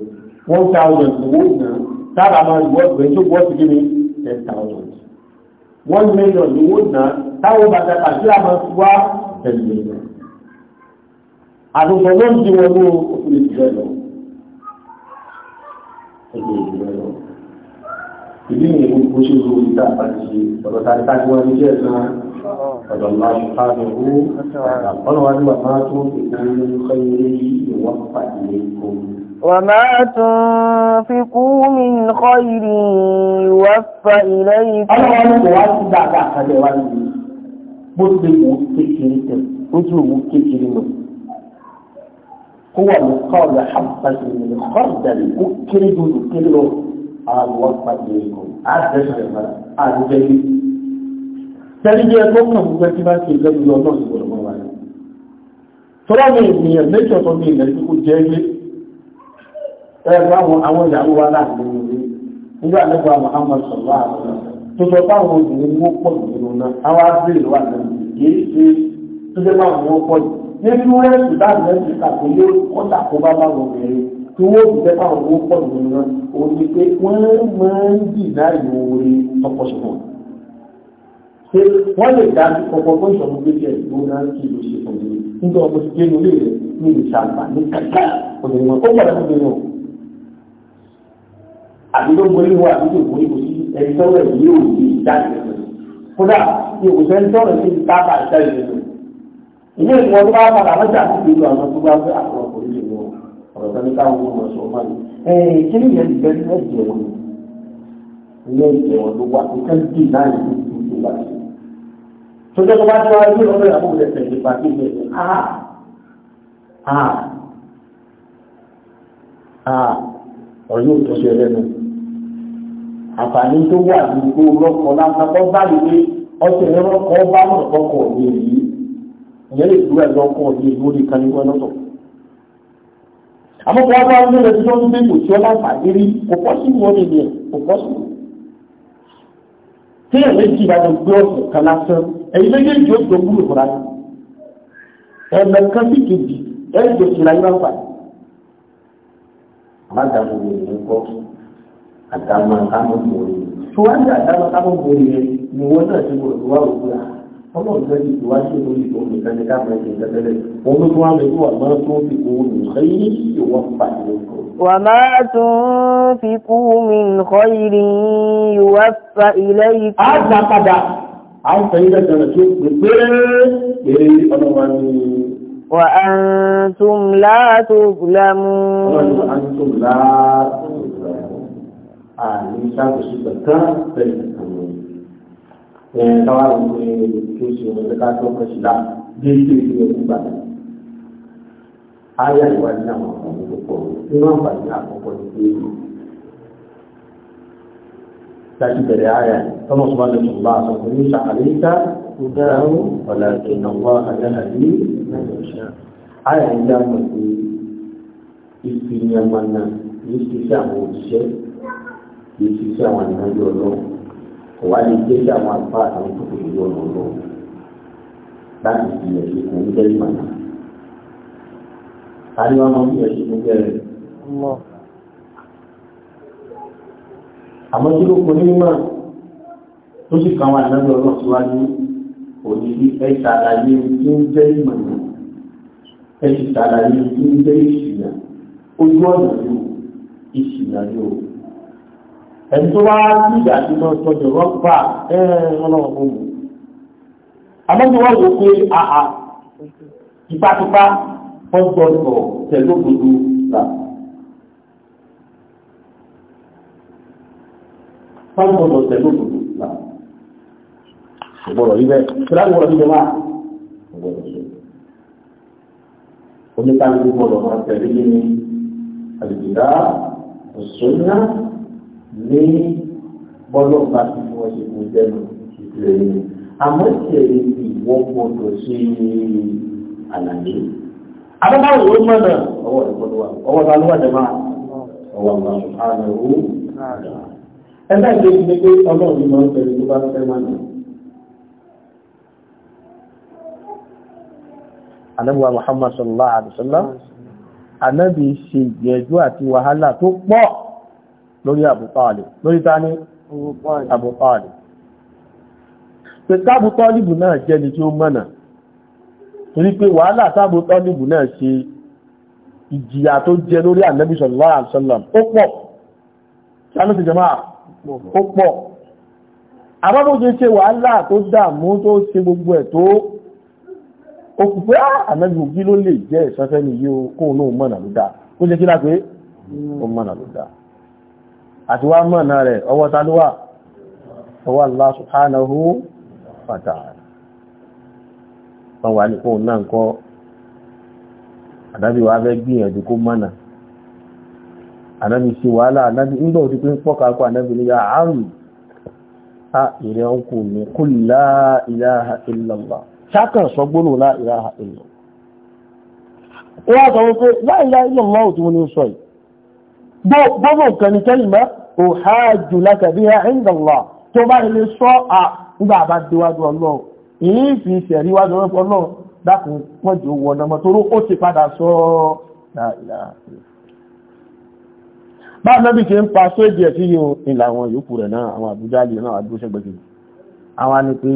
wọ́n ta ọ̀nà ìwé náà sábà máa ìwọ́ ìwé tó bọ́ sí kí ni ten thousand one million lówó náà táwọn bàtà kàṣí àmọ́ ti wá ten million. àtúntò náà ti wọnú òfin ìjìnlẹ̀ lọ. ẹgbẹ́ ìjìnlẹ̀ lọ. ìdí nìyẹn kó kó ṣe ń lo ìta àti ọ̀dọ̀ tàbí tàbí wọn ní jẹ́ ẹ̀sán ọ̀dọ̀ máa ń ká lọ ó ọ̀nà wájú wà máa tó ìdánilẹ́nu kọ́ ilé ìwọ́n pàdé kó. وما تنفقوا من خير يوفى إليكم ọlọ́run tó wá sí dáadáa kan lè wá níbi bó ṣe wò ó kékeré tẹ ojú òwò kékeré lọ kó wà ní kọ́ọ̀lù àbáṣe ní kọ́ọ̀dàlì ó kéré ju ojú kéré lọ àwọn ọgbà ìrìn kan àdéhùn ẹ̀fọ́ àdéhùn tẹ́lifíà tó kàn fún ìlẹ́jú kó jẹ́ ilé ẹ báwọn àwọn ìyàwó wa láàrin ìlú nígbà nípa Muhammad sọlá àbúrò tó sọ báwọn obìnrin ni wọ́n pọ̀ nínú náà àwọn abúlé wà lẹ́nu kìí ṣe tó jẹ́ báwọn wọ́n pọ̀ jù nínú ẹ̀sùn láti ẹ̀sùn kàtó yóò kọ́ sàkóbá báwọn obìnrin tí wọ́n ti jẹ́ báwọn wọ́n pọ̀ nínú náà òun ni pé wọ́n máa ń dì náà yóò rí tọkọṣọpọ̀ pé wọ́n lè dá ọkọ̀ fún ìṣọ̀mù gbé jẹ́ ìgbóná kí ló ṣe fún mi nígbà ọmọ ti gbé nulẹ̀ rẹ̀ ní ìṣàǹfà ní kàkà òmìnira ó pọ̀ àdúgbò gbólé wà àdúgbò gbólé kò sí ẹni sọ́wọ́ ẹ̀mí yóò di ìdájọ́ ìṣẹ̀lẹ̀ kódà ní òṣèlú ń sọ̀rọ̀ sí ìtajà ìṣẹ̀lẹ̀ ìṣẹ̀lẹ̀ ilé ìwọ tó bá padà mọ́jà sí ìlú àwọn tó bá fẹ́ àkọ́kọ́ orílẹ̀ lọ ọ̀rọ̀ tó ní káwọn ọmọ sọ ọmọ ni ẹ̀ẹ́n kí ni ìyẹn ìgbẹ́ ilé ìjẹ́ wọn ilé ìjẹ́ wọn ló wá ní kẹ́ńtì náà ní ìlú wa sí tó tó bá tó wáyé lọ́dọ̀ ìyàwó rẹ̀ tẹ̀lé pàdé rẹ̀ ah ah ah ọ̀rọ̀ yóò tó ṣe lẹ́nu. àǹfààní tó wà ní ikú lọ́kọ̀ lásàkọ́ báyìí pé ọ̀sẹ̀ ẹ̀rọ kọ́ bá mọ̀ ọkọ̀ mi yìí ìyẹn lè dúró ẹ̀rọ ọkọ̀ mi yìí lórí kan nígbà lọ́tọ̀. àmọ́ kọ́ bá ń lọ sí lọ́dún pé kò sí ọlá àǹfààní rí kò pọ́ sí wọn nìyẹn kò pọ́ sí. tí ẹ̀ méjì bá lọ gbé ọ̀sẹ̀ kan lásán ẹ̀yin méjèèjì ó tó gbúrò fúnra ẹ̀ mẹ́kan sí kejì ẹ̀ mádàmú rẹ̀ ní kọ́ àtàmà kámọ́ bòrè ṣùgbọ́n àtàmà kámọ́ bòrè rẹ̀ ni wọ́n náà ti gbọ́dọ̀ tó wà lóko rà ọlọ́run fẹ́ ti wá sí orí ìtòun nìkan ní káàmù ẹ̀sìn tẹ́tẹ́lẹ̀ òun ló tún wá lórí wà máa tún fi kú mi xeyí ìwọ pàdé lóko. wà máa tún fi kú mi xeyí ìwọ fa ilé yìí. a وأنتم لا تظلمون وأنتم لا تظلمون àní ṣàkóso kankan pẹ̀lú ìkànnì ẹ̀ táwa rò pé kí o ṣe ọ̀rẹ́ ká tó kọ́ṣì lá bí kí o ṣe ọdún gbàdá. ayé àìwájú àwọn àǹfààní tó pọ̀ nínú àǹfààní àkọ́kọ́ ni pé láti bẹ̀rẹ̀ ayé tọ́mọ̀ tó bá lè sọ̀rọ̀ bá a sọ̀rọ̀ ní ṣàkàlẹ́ ìta هداه ولكن الله يهدي من يشاء àyà ń dá mọ̀ pé ìfìyàmọ̀nà yìí ti ṣe àwọn òṣìṣẹ́ yìí ti ṣe àwọn ìrìnàjò ọlọ́run kò wá lè gbé sí àwọn àgbà àtàwọn tó fi ìlú ọ̀nà ọlọ́run láti fi ẹ̀sìn kò ń bẹ́ẹ̀ mọ̀nà. Tani wọn máa ń fi ẹ̀sìn kò bẹ̀rẹ̀. Àmọ́ tí ló kọ ní mímọ́ tó sì kàn wá ìrìnàjò ọlọ́run síwájú òní bí ẹ ṣàlàyé tí ń jẹ́ ìmọ̀nà ẹ sì ṣàlàyé tí ń jẹ́ ìṣìnà ojú ọ̀nà yóò ìṣìnà yóò ẹni tó wá nígbà tí wọ́n sọjọ́ wọ́n gbà ẹ ọlọ́run mú mi àmọ́jú wọ́n wò pé àà tipátipá wọ́n tẹ̀lé òdodo là. wọ́n tẹ̀lé òdodo là gbọ́dọ̀ rí bẹ́ẹ̀ kíláàsì gbọ́dọ̀ rí bẹ́ẹ̀ máa gbọ́dọ̀ ṣe. oníkálukú gbọ́dọ̀ máa tẹ̀lé ní àlùbìdá òṣùnà ní bọ́lọ̀ bá ti fi wọ́n ṣe kó jẹ́nu ìpìlẹ̀ yìí. àmọ́ ìṣẹ̀lẹ̀ ìwọ gbọ́dọ̀ ṣe àlàyé. àbábáwò ló mọ̀ náà ọwọ́ ìgbọ́dọ̀ wà ọwọ́ ta ló wà jẹ́ máa ọwọ́ àwọn àṣùkà rẹ̀ ó. ẹgbẹ́ ìgbésí ni pé ọlọ́run ló máa ń tẹ̀lé tó bá fẹ́ máa ànábùwà Muhammad sallallahu alaihi wasallam ànábì ṣe ìgbìyànjú àti wàhálà tó pọ̀ lórí Abu Talib lórí tani Abu Talib pẹ̀lú Abu Talib náà jẹ́ni tí ó mọ̀nà torí pé wàhálà tábù Talib náà ṣe ìjìyà tó jẹ lórí ànábì sallallahu alaihi ó kú pé ànábì òbí ló lè jẹ́ ìsanfẹ́ ni yóò kóun náà mọ̀nà ló dáa kó jẹ́ kí lápé mm. ó mọ̀nà ló dáa àti wá mọ̀nà rẹ̀ ọwọ́ ta ọwọ́ Allah subhanahu wa ta'ala ní kóun náà kọ́ wa ṣákàn sọ gbónú la ilaha illa ó wá sọ wípé la ilaha illa Allah òtún ní sọ yìí gbogbo nǹkan ní kalima uhajju laka biha inda Allah tó bá lè sọ à nígbà bá déwájú ọlọ́run èyí fi ṣẹ̀rí wájú ọlọ́run dákun wọ́n jù wọ ọ̀nàmọ́ toró ó ti padà sọ la ilaha illa bá nábì àwọn ni pé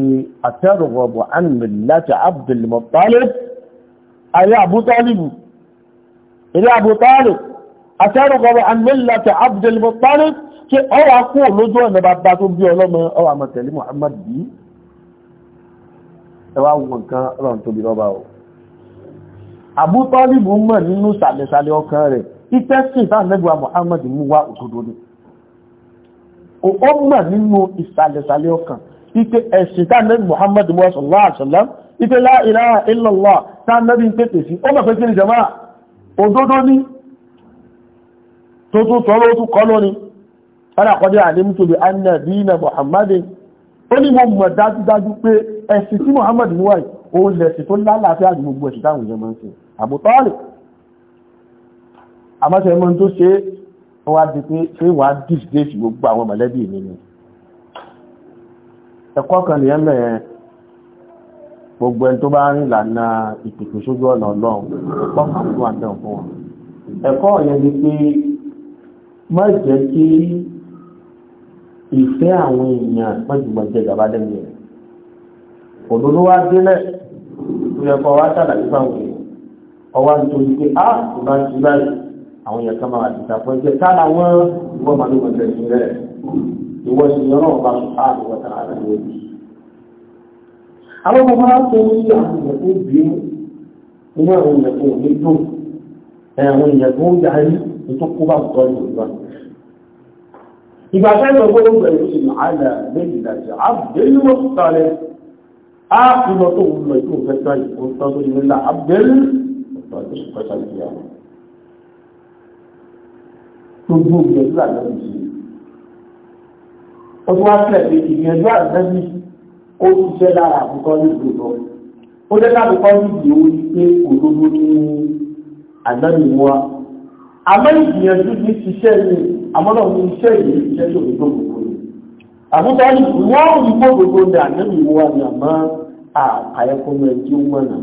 àtẹ́rùwọ̀bọ̀ anìmìláta abdulmọ̀tálẹ̀ ayé àbútálìbù ilé àbútálì àtẹ́rùwọ̀bọ̀ anìmìláta abdulmọ̀tálẹ̀ kí ọwà kú lójú ọ̀nà bàbá tó bí ọlọ́mọ ọwà mọ̀tẹ̀lẹ̀ Muhammad bí ẹwà wọn kan rọ̀ tó bí rọ́bà o àbútálìbù mọ̀ nínú sàlẹ̀sàlẹ̀ ọkàn rẹ̀ ìtẹ́sìn ìbánilẹ́gbà Muhammad mú ike ẹ̀sìn tánàbí Muhammad sallallahu alaihi wasallam ike la ilaha illallah tánàbí ń pètè sí ọmọ pẹ̀kí ni jama'a òdodo ní tó tún sọ́rọ̀ ó tún kọ́ lóní alákọ̀dẹ́ àdémítòlè annabina Muhammad ó ní mo mọ̀ dájúdájú pé ẹ̀sìn tí Muhammad ní ẹ̀kọ́ kan nìyẹn mẹ́rin gbogbo ẹni tó bá ń lànà ìpèpè sójú ọ̀nà ọlọ́run ẹ̀kọ́ kan fún àtẹ̀wọ̀n fún wọn ẹ̀kọ́ yẹn ni pé má jẹ́ kí ìfẹ́ àwọn èèyàn mọ́jùmọ́ jẹ́ gàba lẹ́nu rẹ̀ òdodo wá délẹ̀ tó yẹ kọ́ wá sàlàyé fáwọn èèyàn ọwá ń torí pé á ìbá ti báyìí àwọn èèyàn kan máa dìtà fún ẹgbẹ́ ká làwọn ìwọ́n ìwọ ìṣẹ̀lẹ̀ náà bá ṣùgbọ́n àdúgbò tààrà rẹ̀ lórí. Àwọn ọmọ máa ń tó ní àwọn ìyẹn tó bínú inú àwọn ìyẹn tó ní dùn àwọn ìyẹn tó ń yarí ètò kó bá tọ́ ní ìgbà. Ìgbà sẹ́yìn ọgbọ́n ó tún wá sílẹ̀ pé ìgbìyànjú àgbẹ̀bí ó ṣiṣẹ́ lára àbúkọ́ ní ìgbòdò ó jẹ́ lábùkọ́ ní ìgbìyànjú ní pé òdodo ní àgbẹ̀bí wa àmọ́ ìgbìyànjú ní ṣiṣẹ́ ní àmọ́nà ní iṣẹ́ yìí iṣẹ́ tó fi gbogbo ní àbúkọ́ ní wọ́n rí gbogbo ní àgbẹ̀bí wa ní àmọ́ àkàyẹ́kọ́mọ ẹjí wọ̀nà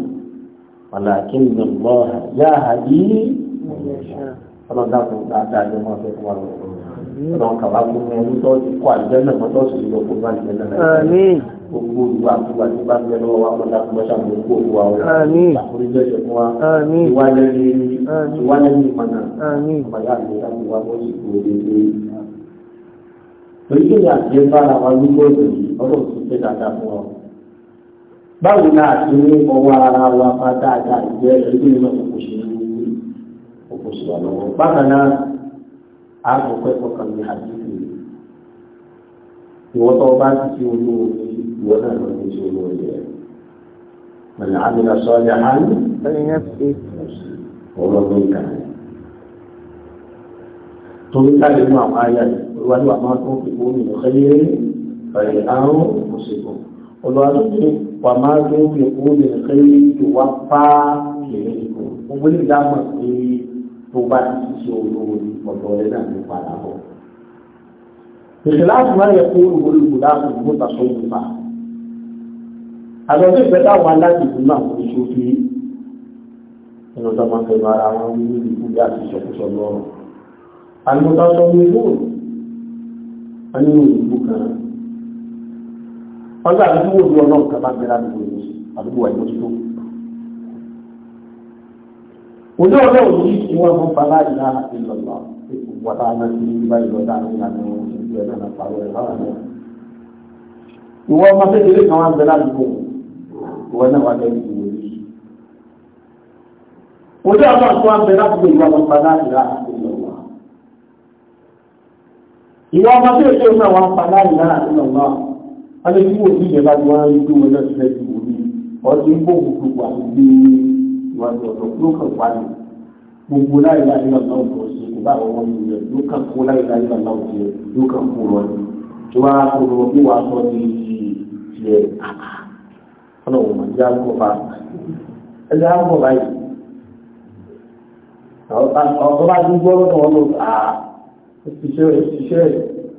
wàlàkí ní ọlọ́ha yáa hà yìí ọlọ́dà tó dáadáa ló máa fẹ́ fún wa lọ́wọ́ ọlọ́run kàwá kó ní ẹni tó ti kọ́ àlùjẹ́ náà mọ́tò sì lọ kó bá àlùjẹ́ náà láìpẹ́ gbogbo olùwà àtúwà tí bá ń bẹ lọ́wọ́ wa kọ́ta kó mọ́ṣá mọ́ kó olùwà wọn àforíjọ́ ṣe fún wa ìwálẹ́rí ìwálẹ́rí ìmọ̀nà ọ̀bàyà àti ìwà bó sì kú dédé. Oríṣi ni àti bára wa nígbà òdò ọlọ́run ti ṣe dáadáa fún ọ. Báwo ni àti ní ọwọ́ ara wa bá dáadáa ìjẹ́ ẹgbẹ́ náà kò ṣe é àgbọ̀ pẹ́pọ̀ kan ní àdúgbò ìwọ́n tó bá ti fi olóore ìwọ náà lọ ní ti olóore rẹ̀ mọ̀lẹ́ àmìlà sọ́ọ́lẹ̀ àánú lẹ́yìn ẹ̀fẹ́ ọlọ́gbọ́n ìkà rẹ̀ torí káàdì nínú àwọn ayé rẹ̀ olúwajú àwọn tó ń fipó mi lọ́kẹ́lẹ́ rẹ̀ àrùn òṣèlú olúwajú pé wà máa tó ń fipó mi lọ́kẹ́lẹ́ tó wá pa kìrìkù gbogbo ìdámọ̀ pé tó bá ti ṣiṣẹ́ olówó ní ọ̀dọ̀ rẹ̀ náà ló padà bọ̀. ìṣẹ̀láṣù máa yẹ kó olùwòlùwò láti mú tàṣọ òkúta. àgbẹ̀dẹ ìfẹ́ táwọn aláàbìbí náà kò ṣe fi ẹnu tó máa fẹ́ràn ara wọn ní ìkúlẹ̀ àti ìṣọ̀kúṣọ lọ́rọ̀. àlùmọ́tà sọ mi lóòrò wọn nínú ìlú kan. wọ́n gbà àdúgbò ìlú ọlọ́run kan bá gbẹ́ra àdúgbò ìlú àdúgbò àìmọ́tótó ojú ọjọ́ òní ìwọ̀n fún bàbá ìlà ìlọ̀lọ̀ wàtá náà ti bá ìlọ̀dá ìlànà ìlú ẹ̀dá náà pàrọ̀ ẹ̀ báwọn náà. ìwọ ọmọ kékeré kan wá ń bẹ ládùúgbò ìwọ náà wá jẹ́ ìdìbò yìí. ojú ọjọ́ tó wá ń bẹ ládùúgbò ìwọ̀n fún bàbá ìlà ìlọ̀lọ̀. ìwọ ọmọ kékeré náà wá ń bàbá ìlà ìlọ̀lọ̀ ìwádìí ọ̀dọ́ ló kàn gbogbo láyé láyé lọ́nà ọ̀dọ́ sí kò bá àwọn ọmọ ìlú ló kó láyé láyé lọ́nà ọ̀dọ́ ló kó lọ ní tó wá kó lọ bí wàá sọ ní tiẹ̀ ọ̀nà òun àti àgọ́ba ẹ̀jẹ̀ àgọ́ba yìí ọ̀dọ́ bá ti gbọ́ lọ́dọ̀ wọn lọ́dọ̀ ìṣiṣẹ́ ìṣiṣẹ́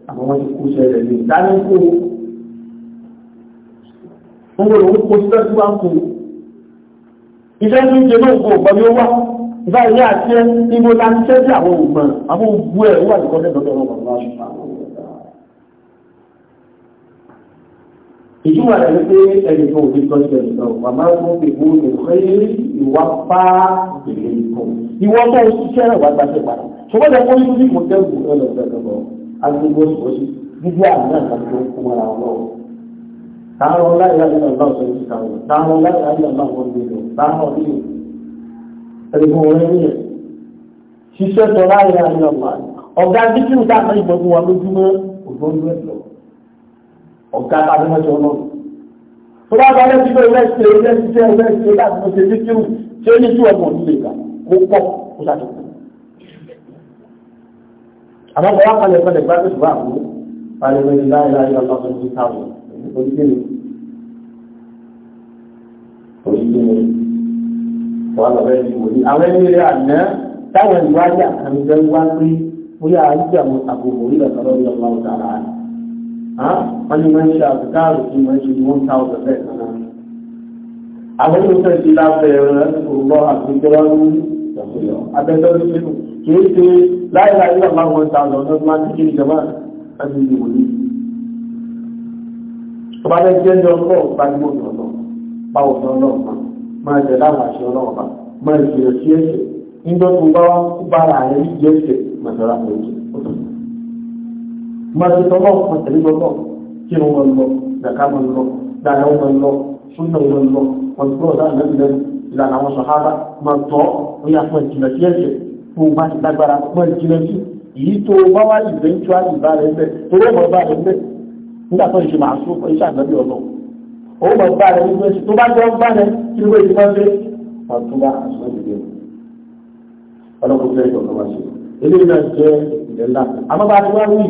àwọn ọmọ ti kú sẹ́yìn ní ìdánilẹ́kọ̀ọ́ iṣẹ́ tí ń jẹ ló gbọ́ ọ̀gbọ́n yóò wá ìfà ilé àti ẹ ibo la ti ṣẹ́ sí àwọn ògbọ́n àwọn ògbó ẹ̀ wà nìkan lẹ́dọ̀ tó rọrùn wá ṣùgbọ́n. ìtumọ̀ rẹ̀ ni pé ẹni tó òbí kan ṣe ẹ̀sìn náà màmá fún ìbò ìfẹ́ ìwà pa ìlẹ̀ nìkan ìwọ tó ń ṣiṣẹ́ rẹ̀ wá gbàṣẹ́ padà ṣùgbọ́n ẹ̀kọ́ yìí ní mọ̀tẹ́gùn ẹ̀rọ ìfẹ́ gbogbo àgbègbè òṣìṣẹ́ gbígbé àmì àgbàdo kó mọ́ra ọlọ́run Táwọn láìlá ìlànà ọ̀gbọ́n tó ti táwọn láìlá ìlànà ọ̀gbọ́n tó táwọn bí ẹgbùn orin ní ẹ̀. Ṣiṣẹ́ sọ láìlá ìlànà ọ̀gbọ́n. Ọ̀gá díkìrì táàmì ìgbọ̀gbọ̀n wa lójúmọ́ ògbóńdó ẹ̀ lọ. Ọ̀gá tàbí mọ́jọ ọlọ́run. Tó bá bá lẹ́sí pé ilé ṣe ilé ṣiṣẹ́ ilé ṣe láti mọ́ ṣe díkìrì ṣé ní tí ọgbọ̀n nílé ìgbà kó pọ̀ kó ṣàtúnkù. Àmọ́ bọ̀ wá oníkèlè oníkèlè wọ́n lọ bẹ́ẹ̀ ni wò ní àwọn ẹni rẹ̀ àná táwọn ìwádìí àkànní bẹ́ẹ̀ wá pé bóyá àyíjà mo àgbòmò orí ìlànà lọ́wọ́ ọ̀la ọ̀dà rà á wọ́n ní wọ́n ń ṣe àbùkárò tí wọ́n ṣe one thousand bẹ́ẹ̀ kan náà àwọn olùfẹ́ ti láfẹ́ rẹ̀ lọ ọba jẹ́ jẹ́ ní ọlọ́run bá ní mọ̀tò ọlọ́run bá òfin ọlọ́run bá máa jẹ láwọn àṣẹ ọlọ́run bá máa ìṣẹ̀lẹ̀ sí ẹ̀ṣẹ̀ nígbà tó bá kú bá ara rẹ̀ ní jẹ́ ẹ̀ṣẹ̀ màtọ́ra pẹ̀lú ọ̀tọ̀. máa ṣe tọ́lọ́ màtẹ̀lé lọ́lọ́ kí wọ́n mọ̀ lọ dàkà mọ̀ lọ dàrẹ́ wọn mọ̀ lọ súnà wọn lọ wọn kúrò láàrín ìlànà àwọn sọ̀hábà máa tọ́ ó yà fún ìjìnlẹ̀ sí ẹ̀ṣẹ̀ tó bá ti lágbára fún ìjìnlẹ̀ sí èyí tó bá wá ìbẹ́ńtúwá nígbà tó ìṣe máa sún iṣẹ́ àgbẹ̀bí ọ̀nà ó mọ̀ bá rẹ̀ nínú ẹ̀sìn tó bá jọ bá rẹ̀ kí ló ti máa ń gbé wọn tó bá àṣọ ìgbé ọlọ́kùnrin fẹ́ ìjọba wá sí eléyìí náà jẹ́ ìdẹ́ ńlá àmọ́ bá ti wá wí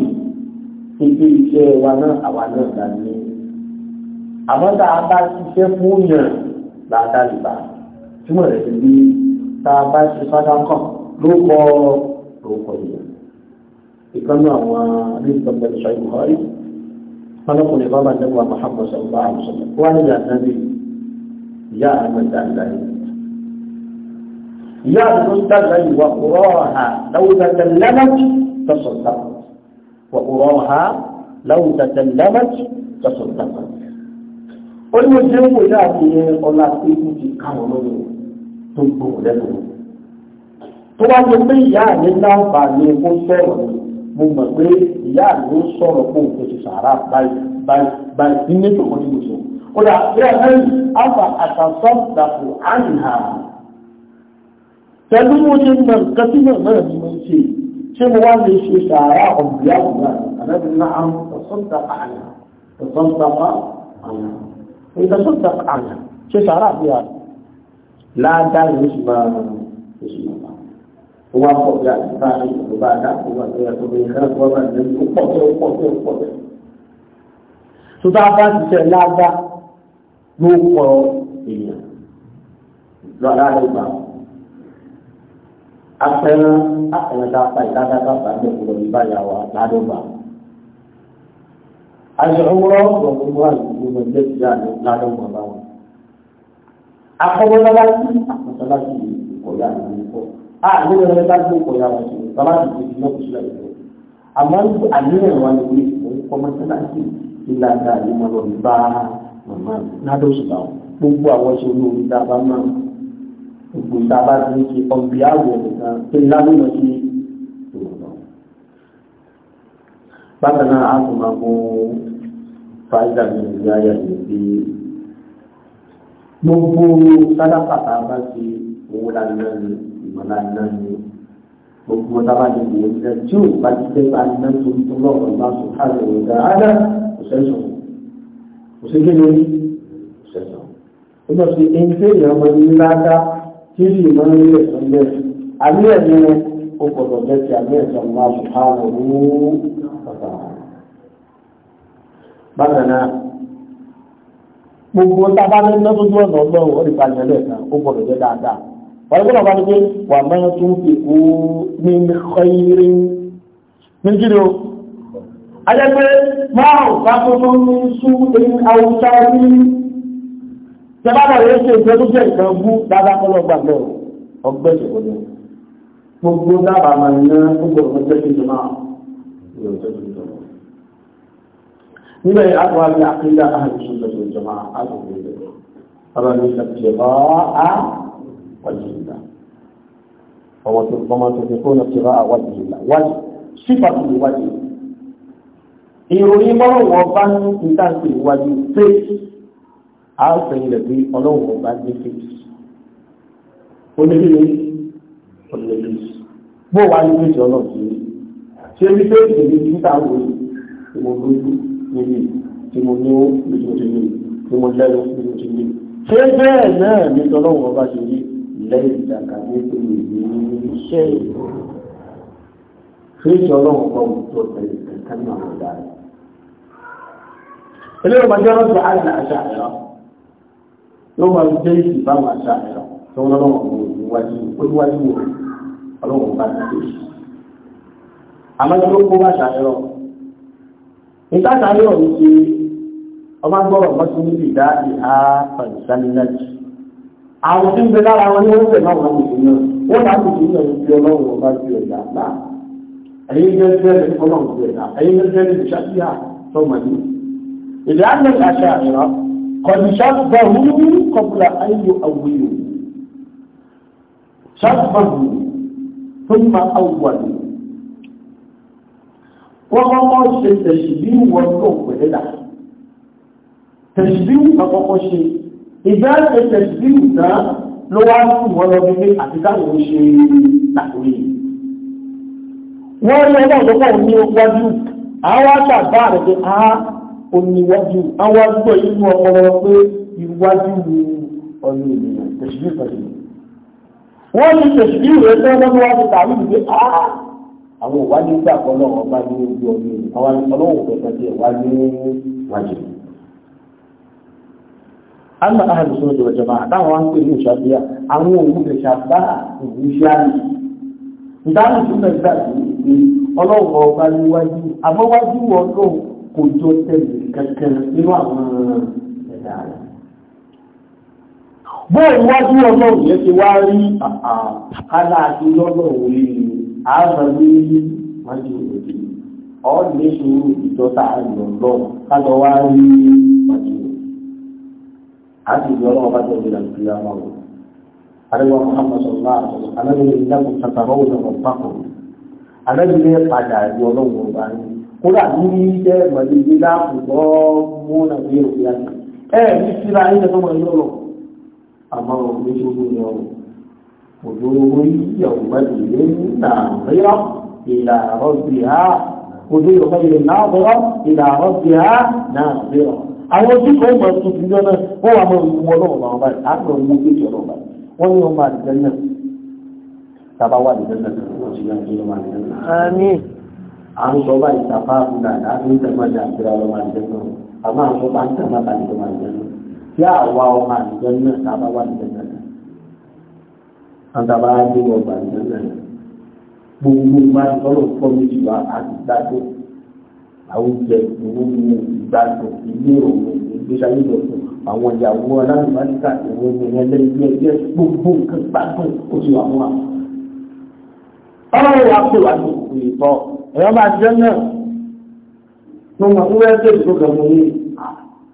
pípé iṣẹ́ wa náà àwa náà dá ní àmọ́ tá a bá ṣiṣẹ́ fún yàn láàdá lè bá túmọ̀ rẹ̀ ti bí tá a bá ṣe fádákọ̀ ló kọ́ ló kọ́ yìí ìkànnì àwọn ilé ìtọ́jú ẹ̀ṣọ́ ìmọ̀ ọ́rí ọlọ́kùnrin bá bá dẹ́gbà Muhammad sallallahu alaihi wasallam wọ́n ní ànábì ìyá àgbẹ̀ dáadáa ìyá àgbẹ̀ dáadáa wà ọ̀rọ̀ha láwùjọ lẹ́mẹ́tì tọ́sọ̀tà wà ọ̀rọ̀ha láwùjọ lẹ́mẹ́tì tọ́sọ̀tà ó ní mo jẹ́ wò yá àti ọlá pé kú ti káwọn lónìí tó gbòòrò lẹ́nu tó wá lọ pé ìyá náà bà kó sọ̀rọ̀ ní mo mọ̀ pé ìyá mi ó sọ̀rọ̀ fún òkú ti sàárà báyìí báyìí báyìí ní ètò kan tí mo sọ. ó dà bẹ́ẹ̀ lẹ́yìn alfa àtàsọ́ dàpọ̀ àyìnhà. pẹ̀lú mo ṣe mọ̀ nǹkan tí mo mọ̀ ní mo ṣe ṣé mo wá lè ṣe sàárà ọ̀gbìn àwùjọ àdábì náà ọ̀sán dàpọ̀ àyà ọ̀sán dàpọ̀ àyà ìdàsọ́ dàpọ̀ àyà ṣe sàárà bí i àdá láàdá ìwé ṣùgbọ́n ìṣùgbọ́n ó wá pọ̀ bí àtúntà ní ìlú bá dá kó wà tó yẹ kó bí ìkànnì tó wà bá nílé ó pọ̀ tó pọ̀ tó pọ̀ tó. tó bá bá ti ṣe lágbá ló pọ̀ èèyàn lọ láàrin ìgbà afẹ́rán afẹ́rán tá a pa ìdájá tá bá ń dẹ̀kọ́ lórí báyà wa láàrin ìgbà. àṣewúrọ́ ọ̀gbọ̀n tó wà lórí ẹgbẹ́ ti yá ní láàrin báwọn. akọ́wọ́lọ́lá sí a ah, nínú ẹ̀rọ ká gbó kọ̀ yàrá sí bàbá àti ìdí náà kò sílẹ̀ lọ́wọ́ àmọ́ àníyàn wa ni wí mò ń kọ́ mọ́sálásí ìlànà àdìmọ́ lọ bá màmá nádó sì báwọn gbogbo àwọn ṣe olórí dábà máa gbogbo dábà ti ń ṣe ọ̀bí àwọ̀ nìkan tó lábẹ́nà sí ìrọ̀lọ́. bákan náà a tún máa mú fáìdà mi ìlú ayà ní pé gbogbo sálápàtà bá ti owó lánàá ni ìmọ̀lá iná ni gbogbo ọ̀tá bá ti wò ó ṣe tí ò bá ti tẹ́ bá iná tó ń tó lọ́wọ́ bá sùn káàdì rẹ̀ dáadáa kò sẹ́sọ̀ kò sí kí lórí kò sẹ́sọ̀. ó lọ sí ẹni tí èèyàn mọ ní ládá tí ì mọ ní ilé ẹ̀sán bẹ́ẹ̀ àmì ẹ̀mí ó gbọdọ̀ bẹ́ẹ̀ ti àmì ẹ̀sán bá sùn káàdì rẹ̀ bàbá. bákan gbogbo ọ̀tá bá lẹ́nu lọ́dún tó ọ̀nà ọlọ́run ó wọ́n gbọ́dọ̀ bá ní pé wà máa tún fi kú ní xeyiri ní kí ni o. ayẹgbẹ́ máa ò sáfẹ́fẹ́ ní sú ẹni awúsá rí tẹ́bàbà rẹ̀ ṣe ìfẹ́ tó jẹ́ ìkan bú dáadáa kọ́ lọ́gbà bẹ́ẹ̀ ọgbẹ́ وما تنفقون ابتغاء وجه الله وجه صفة لوجه ìròyìn bọ́lọ̀ wọn bá ní ìtàkì ìwájú fèsì á sẹ́yìn lẹ̀ pé ọlọ́run wọn bá dé fèsì onídìrí onídìrí bó wàá ní fèsì ọlọ́run sí i ṣé ní fèsì ní títà wò ó tí mo lójú níbi tí mo ní ó níbi tí mo tí mo lẹ́nu níbi tí mo ti ní ṣé bẹ́ẹ̀ náà ní tọ́lọ́run wọn bá ṣe rí lẹ́yìn ìjàkadì pé mi ní ṣe fíríṣì ọlọ́run kan tó tẹ̀lé kankan náà ló dáa eléyìí ọmọdé ọlọ́run ti àgbà àṣà ẹ̀rọ ló máa jẹ́ ìsì àṣà ẹ̀rọ tó ń lọ́wọ́ oníwájú wò ọlọ́run bá ti dé kó àṣà ẹ̀rọ ṣe ọmọ níbi ìdá ìhà àwọn tí ń bẹ lára wọn ní wọ́n fẹ̀ náà wọ́n kò sí náà wọ́n dá kò sí náà ní ti ọlọ́run ọba ju ẹ̀dá náà ẹ̀yin jẹ́ jẹ́ ẹ̀dá ọlọ́run ju ẹ̀dá ẹ̀yin jẹ́ jẹ́ ẹ̀dá ṣáṣíà tó mọ̀ ní. ìdí àná ṣàṣà àṣà kọ̀dí ṣàṣà wúrú kọ̀kúra ayò àwòyò ṣàṣà wúrú tó ń ma àwòwàlú. wọ́n kọ́kọ́ ṣe tẹ̀síbí wọn tó pẹ̀lẹ́dà tẹ̀síbí wọn kọ́kọ́ ṣe ìgbà ẹsẹ̀ bí ìgbà ló wá sí wọn lọ bí pé àti káwọn ṣe tàkùrì wọ́n rí ọlọ́run lọ́pọ̀ ní wájú àwọn àgbà rẹ̀ pé a ò ní wájú àwọn àgbọ̀ inú ọpọlọ pé iwájú ni ọ̀nà ènìyàn tẹ̀síbí pẹ̀lú wọ́n ti tẹ̀síbí rẹ̀ tẹ́ lọ́dún wá ti tàbí ìgbé a àwọn ìwádìí gbà kọ́ lọ́wọ́ bá ní ojú ọ̀nà àwọn ọlọ́run àmà àhàlù sọ́dọ̀ wal jamaa àtàwọn wá ń pè ní jọ tẹ̀lé kankan wa àwọn ẹ̀dá rẹ̀ bóò iwájú ọlọ́run yẹn ti wá rí àkàlà àti lọ́lọ́run rí àmà ní wájú òdòdó ọ̀ àti ìjọ ọlọ́wọ́ bá jẹ́ ìgbéra ìgbéra máa wò. Àríwá Muhammad sọ̀rọ̀ àtọ̀sọ̀ alábìlẹ̀ ìdákùn tàtàrà òun ọ̀rọ̀ pákó. Alábìlẹ̀ padà ìjọ ọlọ́wọ́ bá ní. Kódà níbi jẹ́ mọ̀lẹ́bí láàpùtọ́ múnà bí òkè àti. Ẹ ní síra ayé lọ sọ́mọ ìlú ọ̀rọ̀. Àmọ́ òní tó ló lọ. Òjò owó ìyàwó bá ti lé nà rírọ̀ àwọn ojú kan máa tún ti jọ náà wọ́n wà máa wọ ọlọ́run àwọn báyìí á máa wọ ojú ọlọ́run báyìí wọ́n ní ọmọ àdìjẹ́ náà tàbá wà àdìjẹ́ náà wọ́n ti yá ní ọmọ àdìjẹ́ náà. à ń sọ báyìí tàbá àbúrò àti ìtẹ̀mọ́jà àbúrò ọmọ àdìjẹ́ náà àmọ́ àwọn ọmọ àtẹ̀mọ́ àbàdìjẹ́ ọmọ àdìjẹ́ náà tí àwa ọmọ àdìjẹ́ náà tàbá wà àdìjẹ́ náà àtàbá ní ọgbà ìgbàdùn ilé òun ìgbésàyé lọ́sùn àwọn ìyàwó aláàbùmáríkà ìwé ìrìn ẹlẹ́gbẹ́ ẹgbẹ́ gbogbo nǹkan gbádùn ó ti wà fún wa. ọlọ́run wa pè wá ní òkú ìbọn ẹ̀rọ máa jẹ́ náà mo mọ̀ fún ẹgbẹ́ ìgbókàmù yìí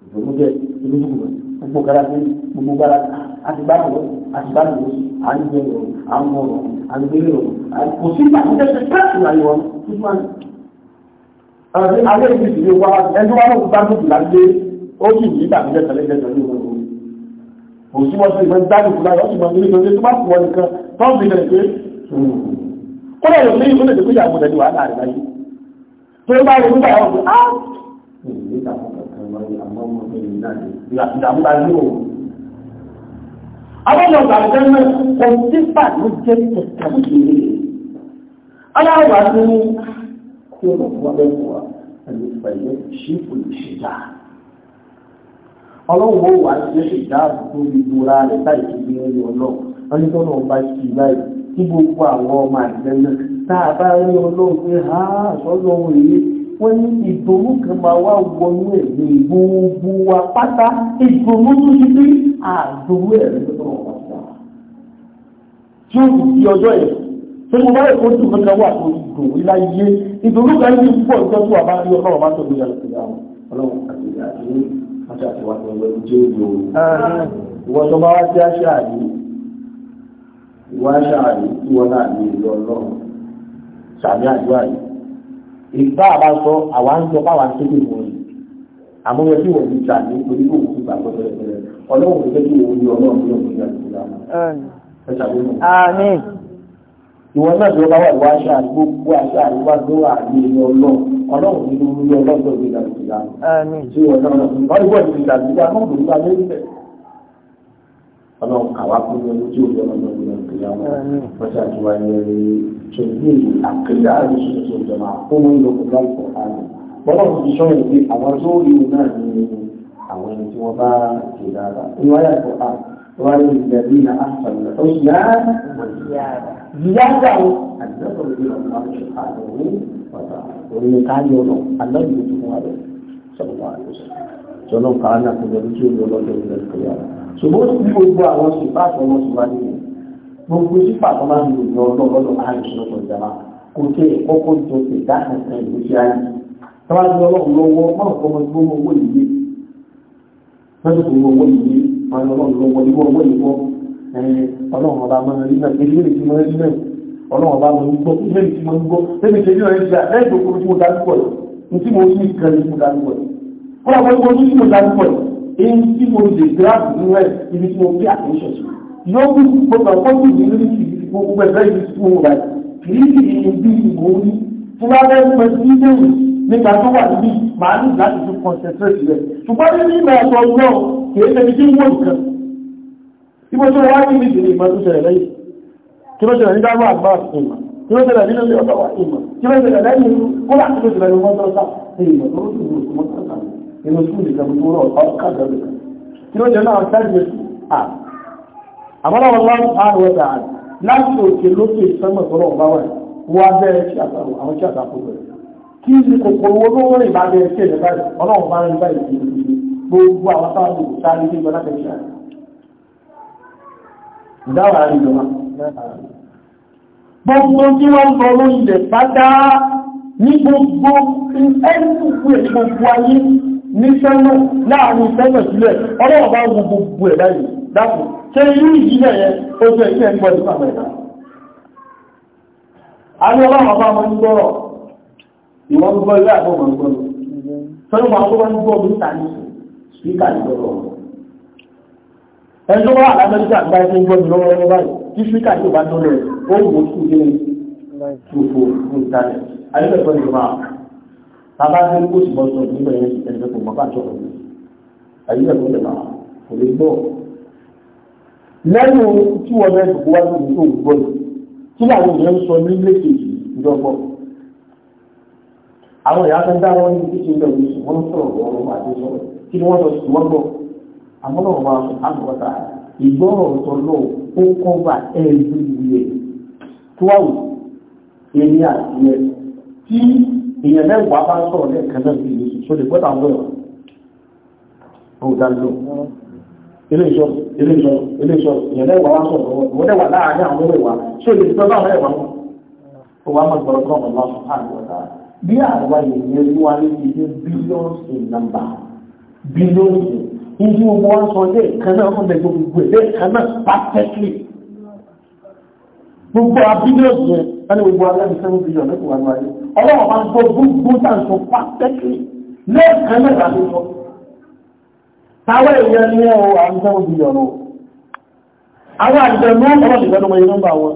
ìdòmújẹ ìdòmújẹ gbogbo kára sí gbogbo kára àtìgbàdùn àtìgbàdùn àńgbẹ̀rún àńgbọ̀rún àńgbẹ̀rún kò sí ìgbà tó tẹ̀sẹ̀ àti alẹ́ ìlú ìlú wa ẹni wọn lọ́wọ́ gbádùn láyé ó sì ní ìdàgbẹ́ tẹ̀lẹ́gbẹ̀ẹ́ ní ìlú kò sí wọ́n sí ìmọ̀ gbádùn láyé ó sì mọ̀ nílé lórí tó bá fún wọn nìkan tó ń fi hmm. lè pé kó lè lórí ìlú lè pé ìyàwó rẹ̀ ní láyé tó bá rí nígbà yàwó pé á àwọn ọmọ tí ó bọ̀ fún ọbẹ̀ fún wa ẹni pẹ̀lú ṣífù ìṣẹ̀dá ọlọ́run ó wà ní ìṣẹ̀dá àbúkú gbogbo ra rẹ̀ táì tó gbé ẹni ọlọ́run wọn ní tọ́nà ọba ti báyìí tí gbogbo àwọn ọmọ àgbẹ̀ náà tá a bá rí ọlọ́run pé ha sọ́dọ̀ ohun èyí wọ́n ní ìdùnnú kan máa wá wọnú ẹ̀mí gbogbo wa pátá ìdùnnú tó ti bí àdúró ẹ̀rí tó wà pátá. tí ó ti di ọjọ́ yẹn tí mo bá rẹ̀ kó dùn kankan wà tó yí dùn rí láyé ìdùnnú kan ní púpọ̀ ìjọ tí wà bá rí ọlọ́run bá tóbi yàrá ìgbà ọlọ́run àti ìyá àti ní àti àti wà ní ọgbẹ́ jẹ́ ìlú ooru. ìwọ tó bá wá sí àṣà yìí ìwọ àṣà yìí ìwọ náà ní ìlú ọlọ́run sàmì àdúrà yìí. ìgbà àbá sọ àwa ń sọ báwa ń tẹ́lẹ̀ wọ̀nyí àmúyẹ tí wọ́n ti tà ní torí kò kú gbàgbọ́ tẹ́lẹ̀ tẹ́lẹ̀ ọlọ́run kò jẹ́ kí wọ́n ní ọlọ́run ní ọ̀gbìn àti ìyá ìwọ náà ló bá wà wá aṣọ àdúgbò kú aṣọ àdúgbò àdúgbò àmì ẹni ọlọ́run ọlọ́run ní ló ń lé ọlọ́dọ̀ mi là sí la ṣé ìwọ náà lọ wọn ní bọ́ọ̀lù ìlà sí la mọ́tò nípa lórí bẹ̀. ọlọ́run kàwá fún mi tí ó lé ọlọ́dọ̀ mi là sí la wọ́n ṣe àtiwá ní ẹni tó ní èyí àkèlè àdúgbò tó jọba ó ń lo kùnà ìfọ̀ àná. bọ́lọ́run ti sọ ìwé àwọn tó rí òun náà ní àwọn ẹni tí wọ́n bá ṣe dáadáa وللذين أحسنوا الحسنى زيادة النظر إلى الله سبحانه وتعالى ومن كان يوم الله يجمع صلى الله عليه وسلم sọlọ kan náà kò lórí tí ó lọ lọ́dọ̀ ìlú ìkọyà ṣùgbọ́n ó sì gbogbo àwọn sípà tó wọ́n ti wá nìyẹn gbogbo sípà tó máa ń lò ní ọlọ́ lọ́dọ̀ àìsàn ọ̀tọ̀ ìjàmá kò tẹ kọ́kọ́ tó ti dá kankan ìlú sí ayé tọ́wájú ọlọ́run lọ́wọ́ máa kọ́ ọmọ gbogbo owó ìlú lọ́dọ̀ gbogbo owó ìlú máa ń lọ́wọ́ lọ́wọ́ ìwọ́ ọwọ́ ìwọ́ ọlọ́run ọba máa rí náà èdè lè ti máa rí náà ọlọ́run ọba máa ń gbọ́ ilé lè ti máa ń gbọ́ lẹ́nu ìṣẹ́jú rẹ̀ ti àlẹ́ ìdókòrò tí mo dárúkọ yìí ní tí mo ní ìkan ní mo dárúkọ yìí kọ́lá wọn kọ́ tí mo dárúkọ yìí èyí tí mo lè gíráàfù nínú ẹ̀ ibi tí mo fi àtẹ̀ṣẹ̀ sí yóò kú gbogbo àwọn kọ́kù ní orí gbogbo ẹ̀fẹ́ tí mo wà kì sì ní bí ìbò ní fúnra rẹ̀ pẹ̀lú ilé ìwé nígbà tó wà níbi màá ní láti fi concentrate rẹ̀ ṣùgbọ́n ní nígbà ẹ̀sọ́ náà kìí ṣe ti wọ́n nìkan tí mo tó wá ní ìdí ní ìmọ̀ tó ṣẹlẹ̀ lẹ́yìn kí ló ṣẹlẹ̀ ní dáwọ́ àgbà ìmọ̀ kí ló ṣẹlẹ̀ nínú ilé ọ̀dọ̀ wa ìmọ̀ kí ló ṣẹlẹ̀ lẹ́yìn kó láti ló òkè lókè sẹ́mọ̀ tó rọ̀ wà wọ́n abẹ́rẹ́ sí àtàwọn àwọn sí àtàkùn rẹ̀ kí ni kòkòrò owó lówó rìn bá bẹ ṣe lè báyìí ọlọ́run bá rìn báyìí kì í gbogbo àwọn táwọn lè sáré ní ìjọba tẹ̀lé ṣáà ìdáwà rí ìjọba gbogbo tí wọ́n ń sọ lórí ilẹ̀ pátá ní gbogbo ẹnìkú ẹ̀ gbogbo ayé ní sẹ́nà láàrin sẹ́nà sílẹ̀ ọlọ́run bá wo gbogbo ẹ̀ báyìí dákù ṣe irú ìjìnlẹ̀ yẹn ó jẹ́ ìṣẹ́ ìgbọ́ ìfàmẹ́ta. a ní ìwọ́n ń gbọ́ ilé àgbọ̀mọ̀ gbọ́ lọ sọ́dún máa tó bá ń gbọ́ níta ní spíkà ìgbọ́rọ̀ ẹni tó bá àlámẹ́ríkà gba ẹni gbọ́ ní lọ́wọ́ lọ́wọ́ báyìí tí spíkà yóò bá tó lọ ó wò ó sì gbé tòfò fún ìtàlẹ̀ ayélujára ìjọba bàbá tó ń kó sì bọ́ sọ nígbà yẹn ti tẹ̀lé tó bàbá tó lọ ayélujára ìjọba kò lè gbọ́ lẹ́nu tí àwọn ìyá tó ń dáwọ́ ní títí ń bẹ̀rù sí wọ́n sọ̀rọ̀ ọ̀rọ̀ àti sọ̀rọ̀ kí ni wọ́n sọ sí wọ́n gbọ́ àmọ́ náà wọ́n sọ àgbọ̀tà ìgbọ́rọ̀ ọ̀tọ̀ náà ó kọ́ba ẹ̀ẹ́dì ìwé tíwáwù èmi àti ẹ̀ tí èèyàn mẹ́wàá bá sọ̀rọ̀ lẹ́ẹ̀kan náà sí ìlú sọ lè gbọ́dọ̀ àwọn ọ̀rọ̀ ó dá lọ ilé ìṣọ́ ilé ìṣọ́ ilé ìṣọ́ bí àwa ènìyàn ní wa ní ti ní billions in number billions in ibi owó wa sọ ilé ìkànnà ọmọdé gbogbo ilé ìkànnà perfectly gbogbo abílíọ̀nù yẹn wọn ni gbogbo aláàbí seven billion lẹ́kọ̀ọ́ wa ní wáyé ọlọ́wọ́ bá ń gbọ́ gbogbo tàǹsọ perfectly lẹ́ẹ̀kan náà láti sọ táwọn èèyàn ní ẹ̀rọ àwọn seven billion o àwọn àgbẹ̀ ní ọlọ́dún ìgbẹ́nu mọ iye nọ́mbà wọn.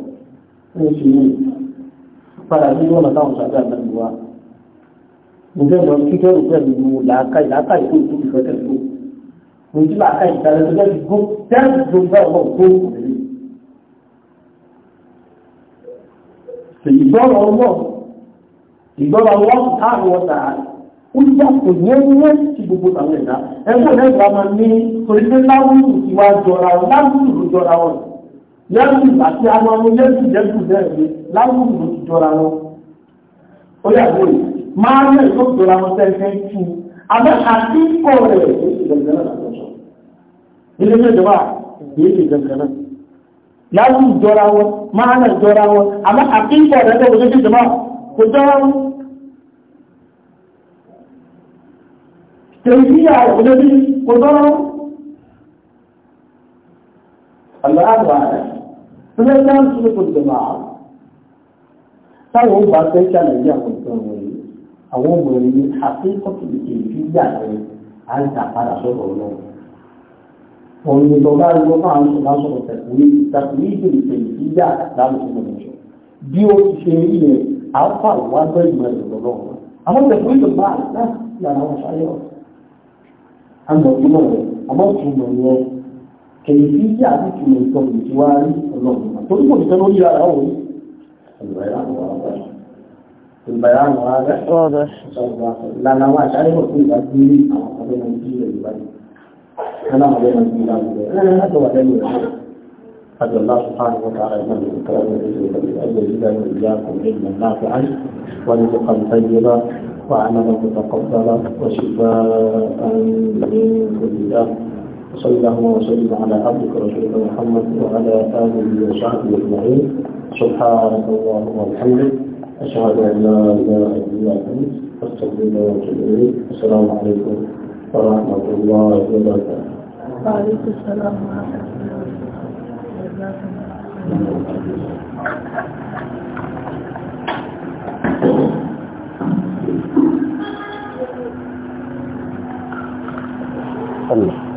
ní oṣù yìí padà sí ọ̀nà táwọn sàbí àgbàdo wa mo fẹ́ mọ kíkẹ́rù pẹ̀lú làákàyè làákàyè tó tó ìfẹ́ tẹ̀lé tó mo ti làákàyè tẹ̀lé tó tẹ̀lé tó tẹ́lẹ̀ tó bá ọ̀pọ̀ tó kù lé. ìgbọ́rọ̀ ọmọ ìgbọ́rọ̀ wọn táwọn wọn tà ó yàtọ̀ yẹ́yẹ́ sí gbogbo àwọn ẹ̀dá ẹgbẹ́ ọ̀dẹ́gbà máa ní torí pé láwùjù ti wá jọra wọn láwùjù ló jọra wọn lẹ́rù àti àwọn ọmọ lẹ́rù lẹ́rù lẹ́rù láwùrù ló ti jọra wọn ó yàgò yìí máa ń lẹ́rù tó jọra wọn tẹ́lifẹ́ tù àbẹ́ àtìkọ́ rẹ̀ gẹ̀gẹ̀ náà lọ́sọ̀ ilé ní ìjọba ìgbéyìí gẹ̀gẹ̀ náà láwùrù jọra wọn máa ń jọra wọn àbẹ́ àtìkọ́ rẹ̀ tó wọlé ìjọba kò jọra wọn. Fẹ́lẹ́dá ń tún kò jẹ̀mà táwọn ọgbà fẹ́ ṣàlàyé àwọn ìtàn wọ̀nyí, àwọn ọmọ rẹ̀ ní àfẹ́kọ̀tì èyí yà rẹ̀ á ń tà padà sọ̀rọ̀ náà. Òun ni lọ́gbà ló máa ń sọ̀rọ̀ sọ̀rọ̀ tẹ̀kùn ní ìtàkùn ìgbèrè èyí yà láwùjọ mọ̀lẹ́sọ̀. Bí ó ti ṣe rí yẹn, à ń fà wá gbọ́ ìmọ̀ ẹ̀rọ lọ́wọ́. Àwọn tẹ̀kùn ìgbà náà lára wọn ṣáyọ̀. Àgbọ̀n ìmọ̀ rẹ̀, àmọ́ ìtumọ̀ yẹn, kèyí yà ní ìtumọ̀ ìtọ́ كل مجتمع لي على أول البيان واضح البيان واضح واضح لا لا ما أشعر يكون أدين أو قبل نجيل البيان أنا قبل نجيل البيان أنا هذا هو دليل الله سبحانه وتعالى يمن الكرم أن يجعل إياكم علما نافعا ورزقا طيبا وعملا متقبلا وشفاء من كل أمر صلى الله وسلم على عبدك رسولك محمد وعلى آله وصحبه أجمعين سبحانك اللهم وبحمدك أشهد أن لا إله إلا أنت أستغفرك وأتوب إليك السلام عليكم ورحمة الله وبركاته وعليكم السلام ورحمة الله وبركاته الله